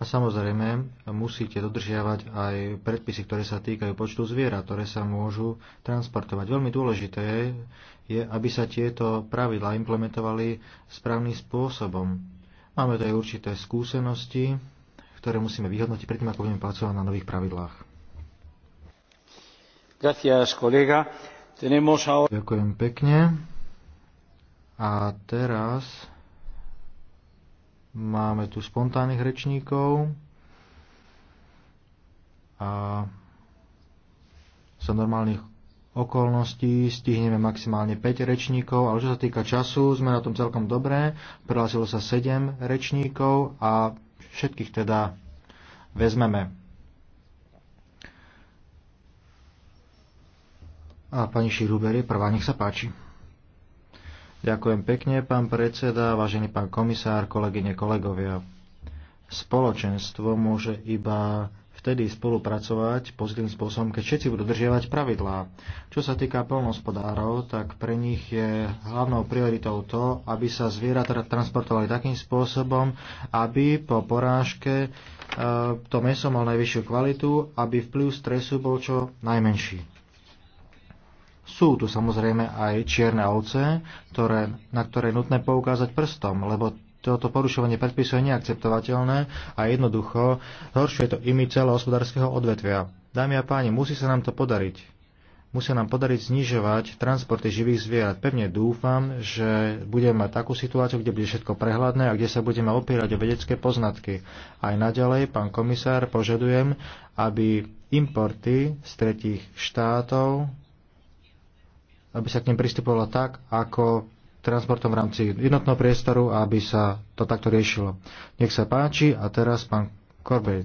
Speaker 3: A samozrejme, musíte dodržiavať aj predpisy, ktoré sa týkajú počtu zvierat, ktoré sa môžu transportovať. Veľmi dôležité je, aby sa tieto pravidlá implementovali správnym spôsobom. Máme tu aj určité skúsenosti, ktoré musíme vyhodnotiť predtým, ako budeme pracovať na nových pravidlách. Gracias, kolega. Tenemos ahora... Ďakujem pekne. A teraz Máme tu spontánnych rečníkov a za normálnych okolností stihneme maximálne 5 rečníkov, ale čo sa týka času, sme na tom celkom dobré. Prihlásilo sa 7 rečníkov a všetkých teda vezmeme. A pani Širuber je prvá, nech sa páči. Ďakujem pekne, pán predseda, vážený pán komisár, kolegyne, kolegovia. Spoločenstvo môže iba vtedy spolupracovať pozitívnym spôsobom, keď všetci budú držiavať pravidlá. Čo sa týka polnospodárov, tak pre nich je hlavnou prioritou to, aby sa zvieratá teda transportovali takým spôsobom, aby po porážke e, to meso mal najvyššiu kvalitu, aby vplyv stresu bol čo najmenší. Sú tu samozrejme aj čierne ovce, ktoré, na ktoré je nutné poukázať prstom, lebo toto porušovanie predpisov je neakceptovateľné a jednoducho horšie to imi celého hospodárskeho odvetvia. Dámy a páni, musí sa nám to podariť. Musia nám podariť znižovať transporty živých zvierat. Pevne dúfam, že budeme mať takú situáciu, kde bude všetko prehľadné a kde sa budeme opierať o vedecké poznatky. Aj naďalej, pán komisár, požadujem, aby importy z tretích štátov aby sa k nim pristupovalo tak, ako transportom v rámci jednotného priestoru aby sa to takto riešilo. Nech sa páči a teraz pán Korbej.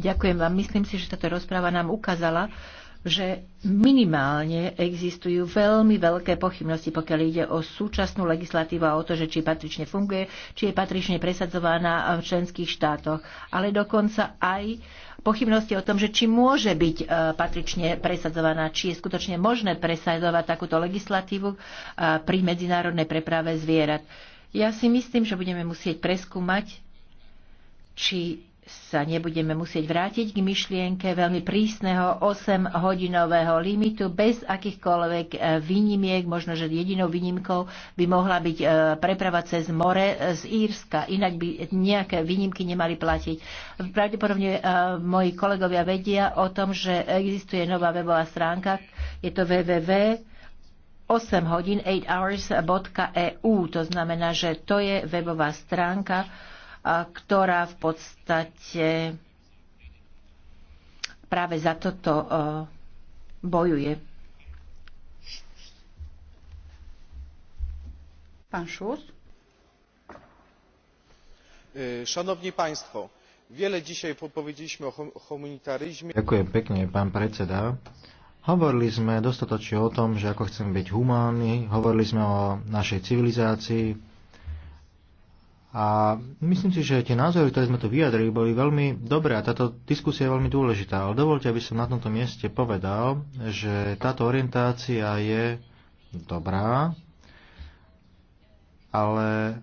Speaker 1: Ďakujem vám. Myslím si, že táto rozpráva nám ukázala, že minimálne existujú veľmi veľké pochybnosti, pokiaľ ide o súčasnú legislatívu a o to, že či patrične funguje, či je patrične presadzovaná v členských štátoch, ale dokonca aj pochybnosti o tom, že či môže byť e, patrične presadzovaná, či je skutočne možné presadzovať takúto legislatívu e, pri medzinárodnej preprave zvierat. Ja si myslím, že budeme musieť preskúmať, či sa nebudeme musieť vrátiť k myšlienke veľmi prísneho 8-hodinového limitu bez akýchkoľvek e, výnimiek. Možno, že jedinou výnimkou by mohla byť e, preprava cez more e, z Írska. Inak by nejaké výnimky nemali platiť. Pravdepodobne moji kolegovia vedia o tom, že existuje nová webová stránka. Je to www 8 hodín 8hours.eu. To znamená, že to je webová stránka, ktorá v podstate práve za toto bojuje. Pán Šus.
Speaker 3: Szanowni e, Państwo, wiele dzisiaj powiedzieliśmy o humanitaryzmie. Ďakujem pekne, pán predseda. Hovorili sme dostatočne o tom, že ako chceme byť humánni, hovorili sme o našej civilizácii, a myslím si, že tie názory, ktoré sme tu vyjadrili, boli veľmi dobré a táto diskusia je veľmi dôležitá. Ale dovolte, aby som na tomto mieste povedal, že táto orientácia je dobrá, ale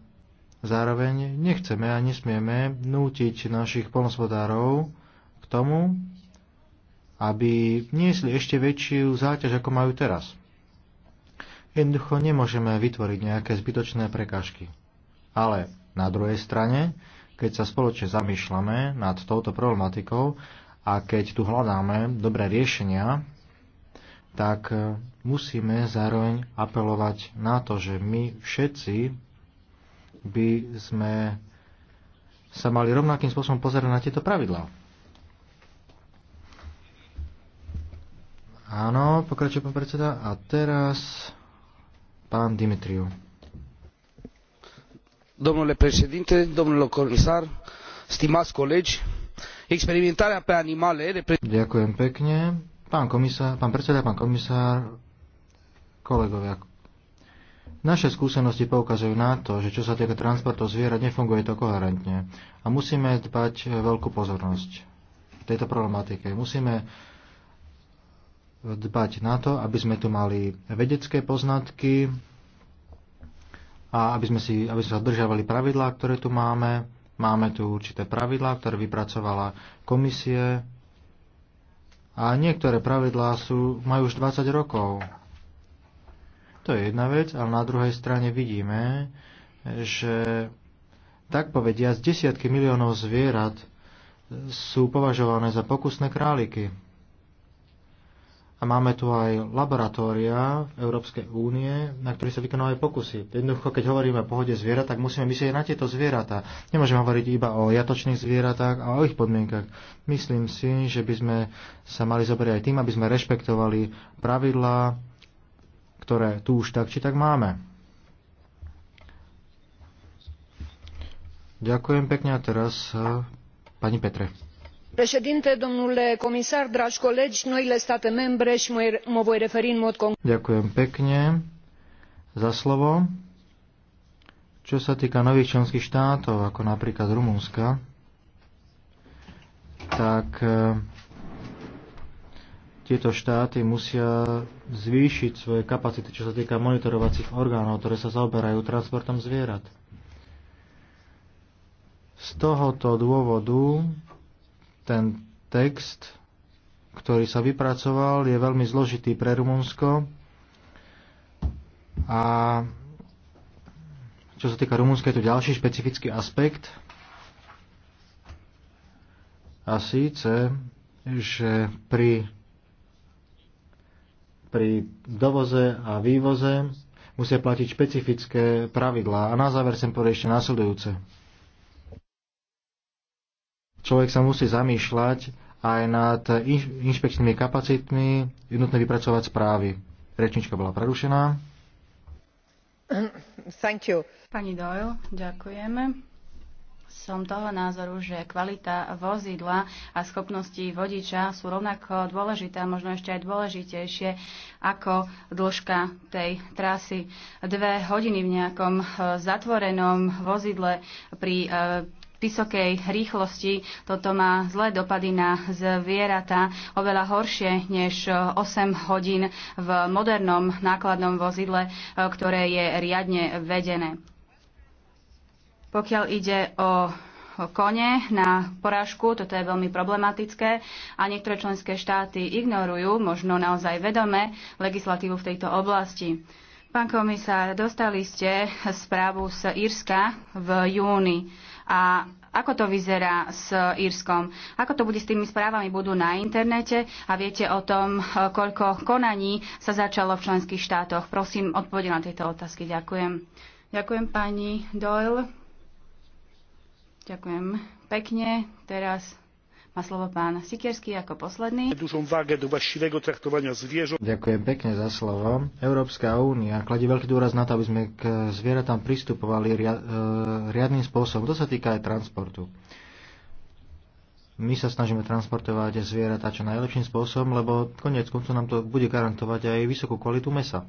Speaker 3: zároveň nechceme a nesmieme nútiť našich polnospodárov k tomu, aby niesli ešte väčšiu záťaž, ako majú teraz. Jednoducho nemôžeme vytvoriť nejaké zbytočné prekážky. Ale na druhej strane, keď sa spoločne zamýšľame nad touto problematikou a keď tu hľadáme dobré riešenia, tak e, musíme zároveň apelovať na to, že my všetci by sme sa mali rovnakým spôsobom pozerať na tieto pravidlá. Áno, pokračuje pán predseda. A teraz pán Dimitriu domnule președinte domnule comisar stimați colegi experimentarea pe animale Ďakujem pekne. Pán predseda, pán komisár, kolegovia. Naše skúsenosti poukazujú na to, že čo sa týka transportu zvierat, nefunguje to koherentne. A musíme dbať veľkú pozornosť v tejto problematike. Musíme dbať na to, aby sme tu mali vedecké poznatky, a aby sme, si, aby sme sa držiavali pravidlá, ktoré tu máme. Máme tu určité pravidlá, ktoré vypracovala komisie. A niektoré pravidlá sú, majú už 20 rokov. To je jedna vec, ale na druhej strane vidíme, že tak povediať, desiatky miliónov zvierat sú považované za pokusné králiky. A máme tu aj laboratória v Európskej únie, na ktorých sa vykonávajú pokusy. Jednoducho, keď hovoríme o pohode zvierat, tak musíme myslieť na tieto zvieratá. Nemôžeme hovoriť iba o jatočných zvieratách a o ich podmienkach. Myslím si, že by sme sa mali zoberiť aj tým, aby sme rešpektovali pravidlá, ktoré tu už tak či tak máme. Ďakujem pekne a teraz eh, pani Petre
Speaker 1: președinte domnule comisar dragi colegi noile state membre și mă voi referi în mod concret.
Speaker 3: Ďakujem pekne za slovo. Čo sa týka nových členských štátov, ako napríklad Rumunska, tak e, tieto štáty musia zvýšiť svoje kapacity, čo sa týka monitorovacích orgánov, ktoré sa zaoberajú transportom zvierat. Z tohoto dôvodu ten text, ktorý sa vypracoval, je veľmi zložitý pre Rumunsko a čo sa týka Rumunska je to ďalší špecifický aspekt a síce, že pri pri dovoze a vývoze musia platiť špecifické pravidlá. A na záver sem povedať ešte následujúce človek sa musí zamýšľať aj nad inšpekčnými kapacitmi, jednotne vypracovať správy. Rečnička bola prerušená.
Speaker 2: Thank you. Pani Doyle, ďakujeme som toho názoru, že kvalita vozidla a schopnosti vodiča sú rovnako dôležité, a možno ešte aj dôležitejšie ako dĺžka tej trasy. Dve hodiny v nejakom e, zatvorenom vozidle pri e, vysokej rýchlosti. Toto má zlé dopady na zvieratá, oveľa horšie než 8 hodín v modernom nákladnom vozidle, eh, ktoré je riadne vedené. Pokiaľ ide o kone na porážku, toto je veľmi problematické a niektoré členské štáty ignorujú, možno naozaj vedome, legislatívu v tejto oblasti. Pán komisár, dostali ste správu z Írska v júni a ako to vyzerá s Írskom? Ako to bude s tými správami? Budú na internete? A viete o tom, koľko konaní sa začalo v členských štátoch? Prosím, odpovede na tieto otázky. Ďakujem. Ďakujem pani Doyle. Ďakujem pekne. Teraz má slovo pán Sikersky ako posledný.
Speaker 3: Ďakujem pekne za slovo. Európska únia kladie veľký dôraz na to, aby sme k zvieratám pristupovali e, riadným spôsobom. To sa týka aj transportu. My sa snažíme transportovať zvieratá čo najlepším spôsobom, lebo konec koncu nám to bude garantovať aj vysokú kvalitu mesa.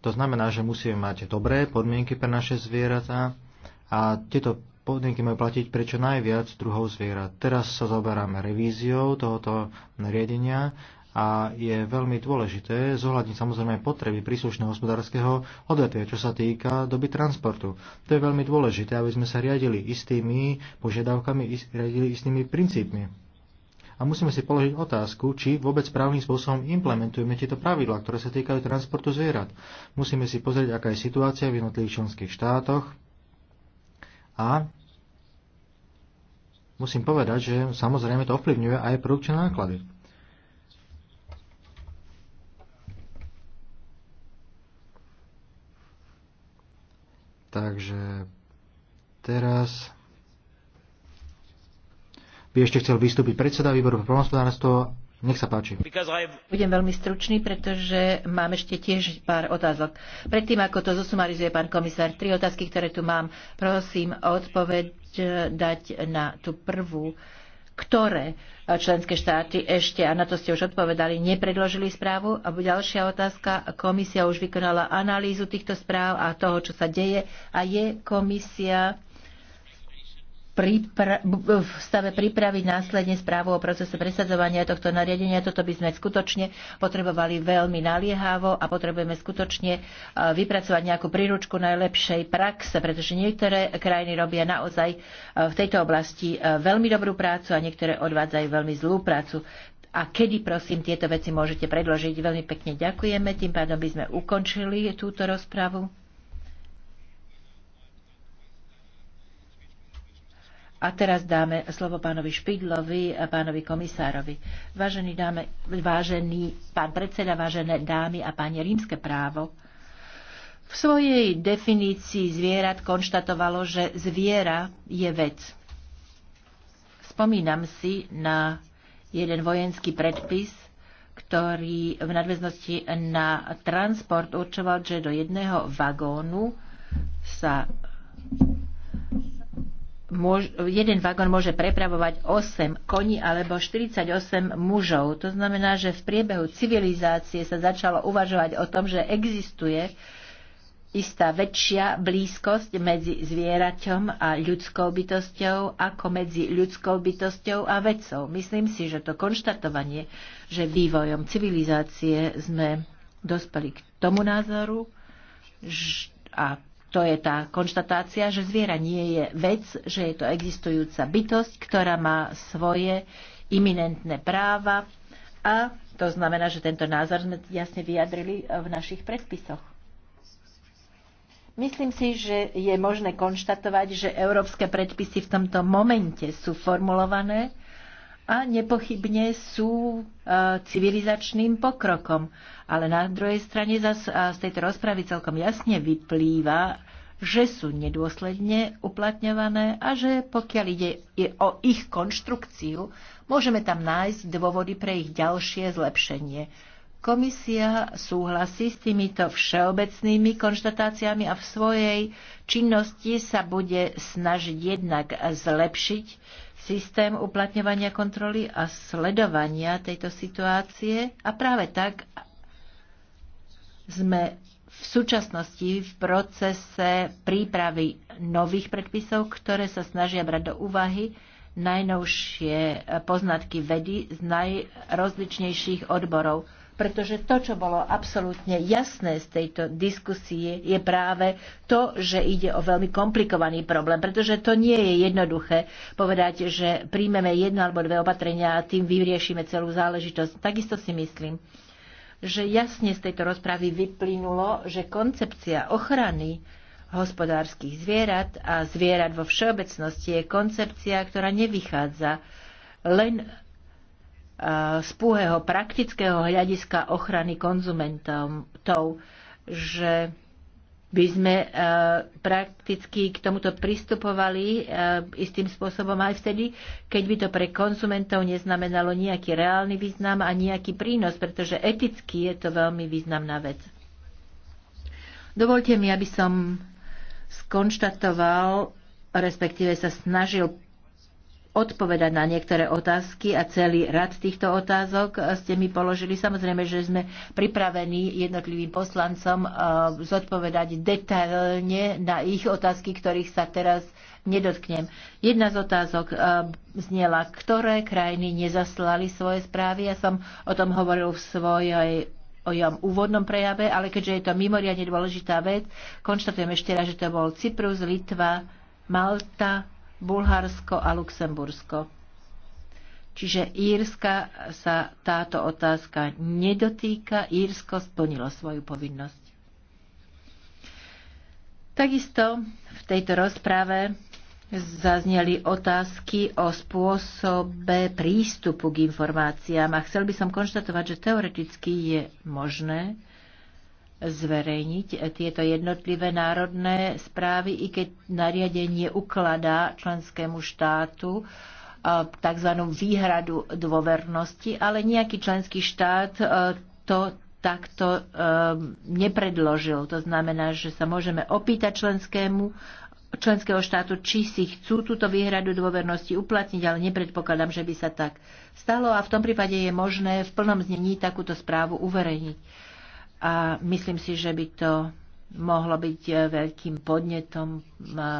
Speaker 3: To znamená, že musíme mať dobré podmienky pre naše zvieratá a tieto podniky majú platiť prečo najviac druhov zvierat. Teraz sa zaoberáme revíziou tohoto nariadenia a je veľmi dôležité zohľadniť samozrejme potreby príslušného hospodárskeho odvetvia, čo sa týka doby transportu. To je veľmi dôležité, aby sme sa riadili istými požiadavkami, riadili istými princípmi. A musíme si položiť otázku, či vôbec správnym spôsobom implementujeme tieto pravidlá, ktoré sa týkajú transportu zvierat. Musíme si pozrieť, aká je situácia v jednotlivých členských štátoch, a musím povedať, že samozrejme to ovplyvňuje aj produkčné náklady. Takže teraz by ešte chcel vystúpiť predseda výboru pre poľnohospodárstvo nech sa páči.
Speaker 1: Budem veľmi stručný, pretože mám ešte tiež pár otázok. Predtým, ako to zosumarizuje pán komisár, tri otázky, ktoré tu mám, prosím odpoveď e, dať na tú prvú ktoré e, členské štáty ešte, a na to ste už odpovedali, nepredložili správu. A ďalšia otázka, komisia už vykonala analýzu týchto správ a toho, čo sa deje. A je komisia v stave pripraviť následne správu o procese presadzovania tohto nariadenia. Toto by sme skutočne potrebovali veľmi naliehavo a potrebujeme skutočne e, vypracovať nejakú príručku najlepšej praxe, pretože niektoré krajiny robia naozaj e, v tejto oblasti e, veľmi dobrú prácu a niektoré odvádzajú veľmi zlú prácu. A kedy, prosím, tieto veci môžete predložiť? Veľmi pekne ďakujeme. Tým pádom by sme ukončili túto rozpravu. A teraz dáme slovo pánovi Špidlovi a pánovi komisárovi. Vážený, dáme, vážený pán predseda, vážené dámy a páni, rímske právo v svojej definícii zvierat konštatovalo, že zviera je vec. Spomínam si na jeden vojenský predpis, ktorý v nadväznosti na transport určoval, že do jedného vagónu sa môž, jeden vagón môže prepravovať 8 koní alebo 48 mužov. To znamená, že v priebehu civilizácie sa začalo uvažovať o tom, že existuje istá väčšia blízkosť medzi zvieraťom a ľudskou bytosťou ako medzi ľudskou bytosťou a vecou. Myslím si, že to konštatovanie, že vývojom civilizácie sme dospeli k tomu názoru a to je tá konštatácia, že zviera nie je vec, že je to existujúca bytosť, ktorá má svoje iminentné práva a to znamená, že tento názor sme jasne vyjadrili v našich predpisoch. Myslím si, že je možné konštatovať, že európske predpisy v tomto momente sú formulované a nepochybne sú e, civilizačným pokrokom. Ale na druhej strane z tejto rozpravy celkom jasne vyplýva, že sú nedôsledne uplatňované a že pokiaľ ide o ich konštrukciu, môžeme tam nájsť dôvody pre ich ďalšie zlepšenie. Komisia súhlasí s týmito všeobecnými konštatáciami a v svojej činnosti sa bude snažiť jednak zlepšiť systém uplatňovania kontroly a sledovania tejto situácie a práve tak sme v súčasnosti v procese prípravy nových predpisov, ktoré sa snažia brať do úvahy najnovšie e, poznatky vedy z najrozličnejších odborov. Pretože to, čo bolo absolútne jasné z tejto diskusie, je práve to, že ide o veľmi komplikovaný problém. Pretože to nie je jednoduché povedať, že príjmeme jedno alebo dve opatrenia a tým vyriešime celú záležitosť. Takisto si myslím, že jasne z tejto rozpravy vyplynulo, že koncepcia ochrany hospodárskych zvierat a zvierat vo všeobecnosti je koncepcia, ktorá nevychádza len e, z púhého praktického hľadiska ochrany konzumentov, že by sme e, prakticky k tomuto pristupovali e, istým spôsobom aj vtedy, keď by to pre konzumentov neznamenalo nejaký reálny význam a nejaký prínos, pretože eticky je to veľmi významná vec. Dovolte mi, aby som skonštatoval, respektíve sa snažil odpovedať na niektoré otázky a celý rad týchto otázok ste mi položili. Samozrejme, že sme pripravení jednotlivým poslancom eh, zodpovedať detailne na ich otázky, ktorých sa teraz nedotknem. Jedna z otázok eh, zniela, ktoré krajiny nezaslali svoje správy. Ja som o tom hovoril v svojej o jom úvodnom prejave, ale keďže je to mimoriadne dôležitá vec, konštatujem ešte raz, že to bol Cyprus, Litva, Malta, Bulharsko a Luxembursko. Čiže Írska sa táto otázka nedotýka. Írsko splnilo svoju povinnosť. Takisto v tejto rozprave zazneli otázky o spôsobe prístupu k informáciám a chcel by som konštatovať, že teoreticky je možné, zverejniť tieto jednotlivé národné správy, i keď nariadenie ukladá členskému štátu e, tzv. výhradu dôvernosti, ale nejaký členský štát e, to takto e, nepredložil. To znamená, že sa môžeme opýtať členskému členského štátu, či si chcú túto výhradu dôvernosti uplatniť, ale nepredpokladám, že by sa tak stalo a v tom prípade je možné v plnom znení takúto správu uverejniť a myslím si, že by to mohlo byť e, veľkým podnetom e,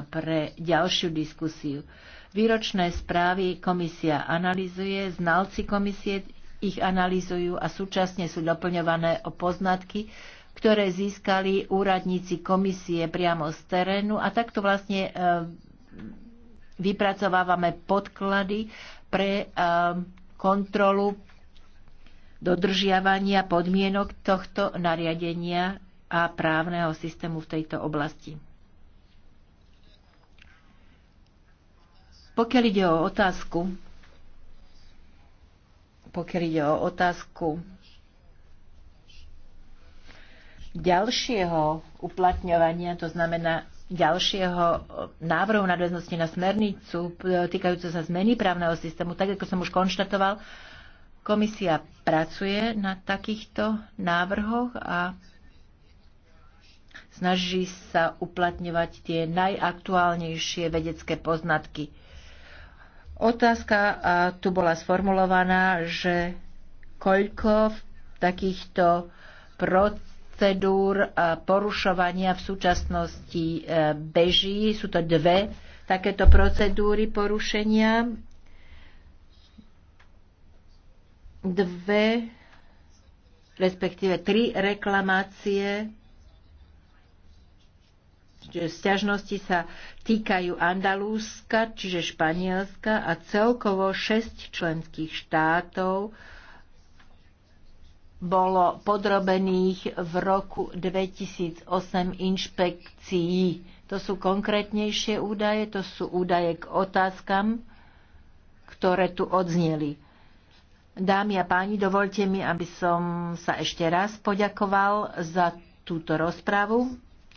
Speaker 1: pre ďalšiu diskusiu. Výročné správy komisia analizuje, znalci komisie ich analizujú a súčasne sú doplňované o poznatky, ktoré získali úradníci komisie priamo z terénu a takto vlastne e, vypracovávame podklady pre kontrolu dodržiavania podmienok tohto nariadenia a právneho systému v tejto oblasti. Pokiaľ ide o otázku, pokiaľ ide o otázku ďalšieho uplatňovania, to znamená ďalšieho návrhu nadväznosti na smernicu e, týkajúce sa zmeny právneho systému, tak ako som už konštatoval, Komisia pracuje na takýchto návrhoch a snaží sa uplatňovať tie najaktuálnejšie vedecké poznatky. Otázka tu bola sformulovaná, že koľko takýchto procedúr porušovania v súčasnosti e, beží. Sú to dve takéto procedúry porušenia dve, respektíve tri reklamácie, že sťažnosti sa týkajú Andalúska, čiže Španielska a celkovo šesť členských štátov bolo podrobených v roku 2008 inšpekcií. To sú konkrétnejšie údaje, to sú údaje k otázkam, ktoré tu odzneli. Dámy a páni, dovolte mi, aby som sa ešte raz poďakoval za túto rozpravu,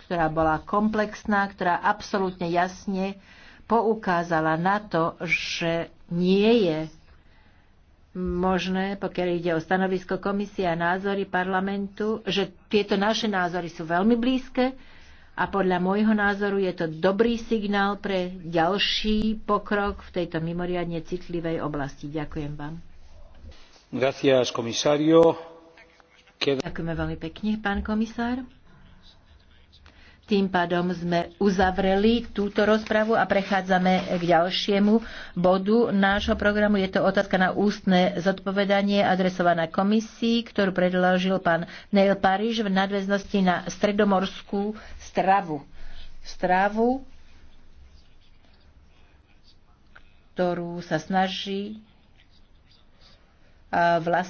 Speaker 1: ktorá bola komplexná, ktorá absolútne jasne poukázala na to, že nie je možné, pokiaľ ide o stanovisko komisie a názory parlamentu, že tieto naše názory sú veľmi blízke a podľa môjho názoru je to dobrý signál pre ďalší pokrok v tejto mimoriadne citlivej oblasti. Ďakujem vám.
Speaker 3: Ďakujeme
Speaker 1: veľmi pekne, pán komisár. Tým pádom sme uzavreli túto rozpravu a prechádzame k ďalšiemu bodu nášho programu. Je to otázka na ústne zodpovedanie adresovaná komisii, ktorú predložil pán Neil Pariš v nadväznosti na stredomorskú stravu. Stravu, ktorú sa snaží vlastne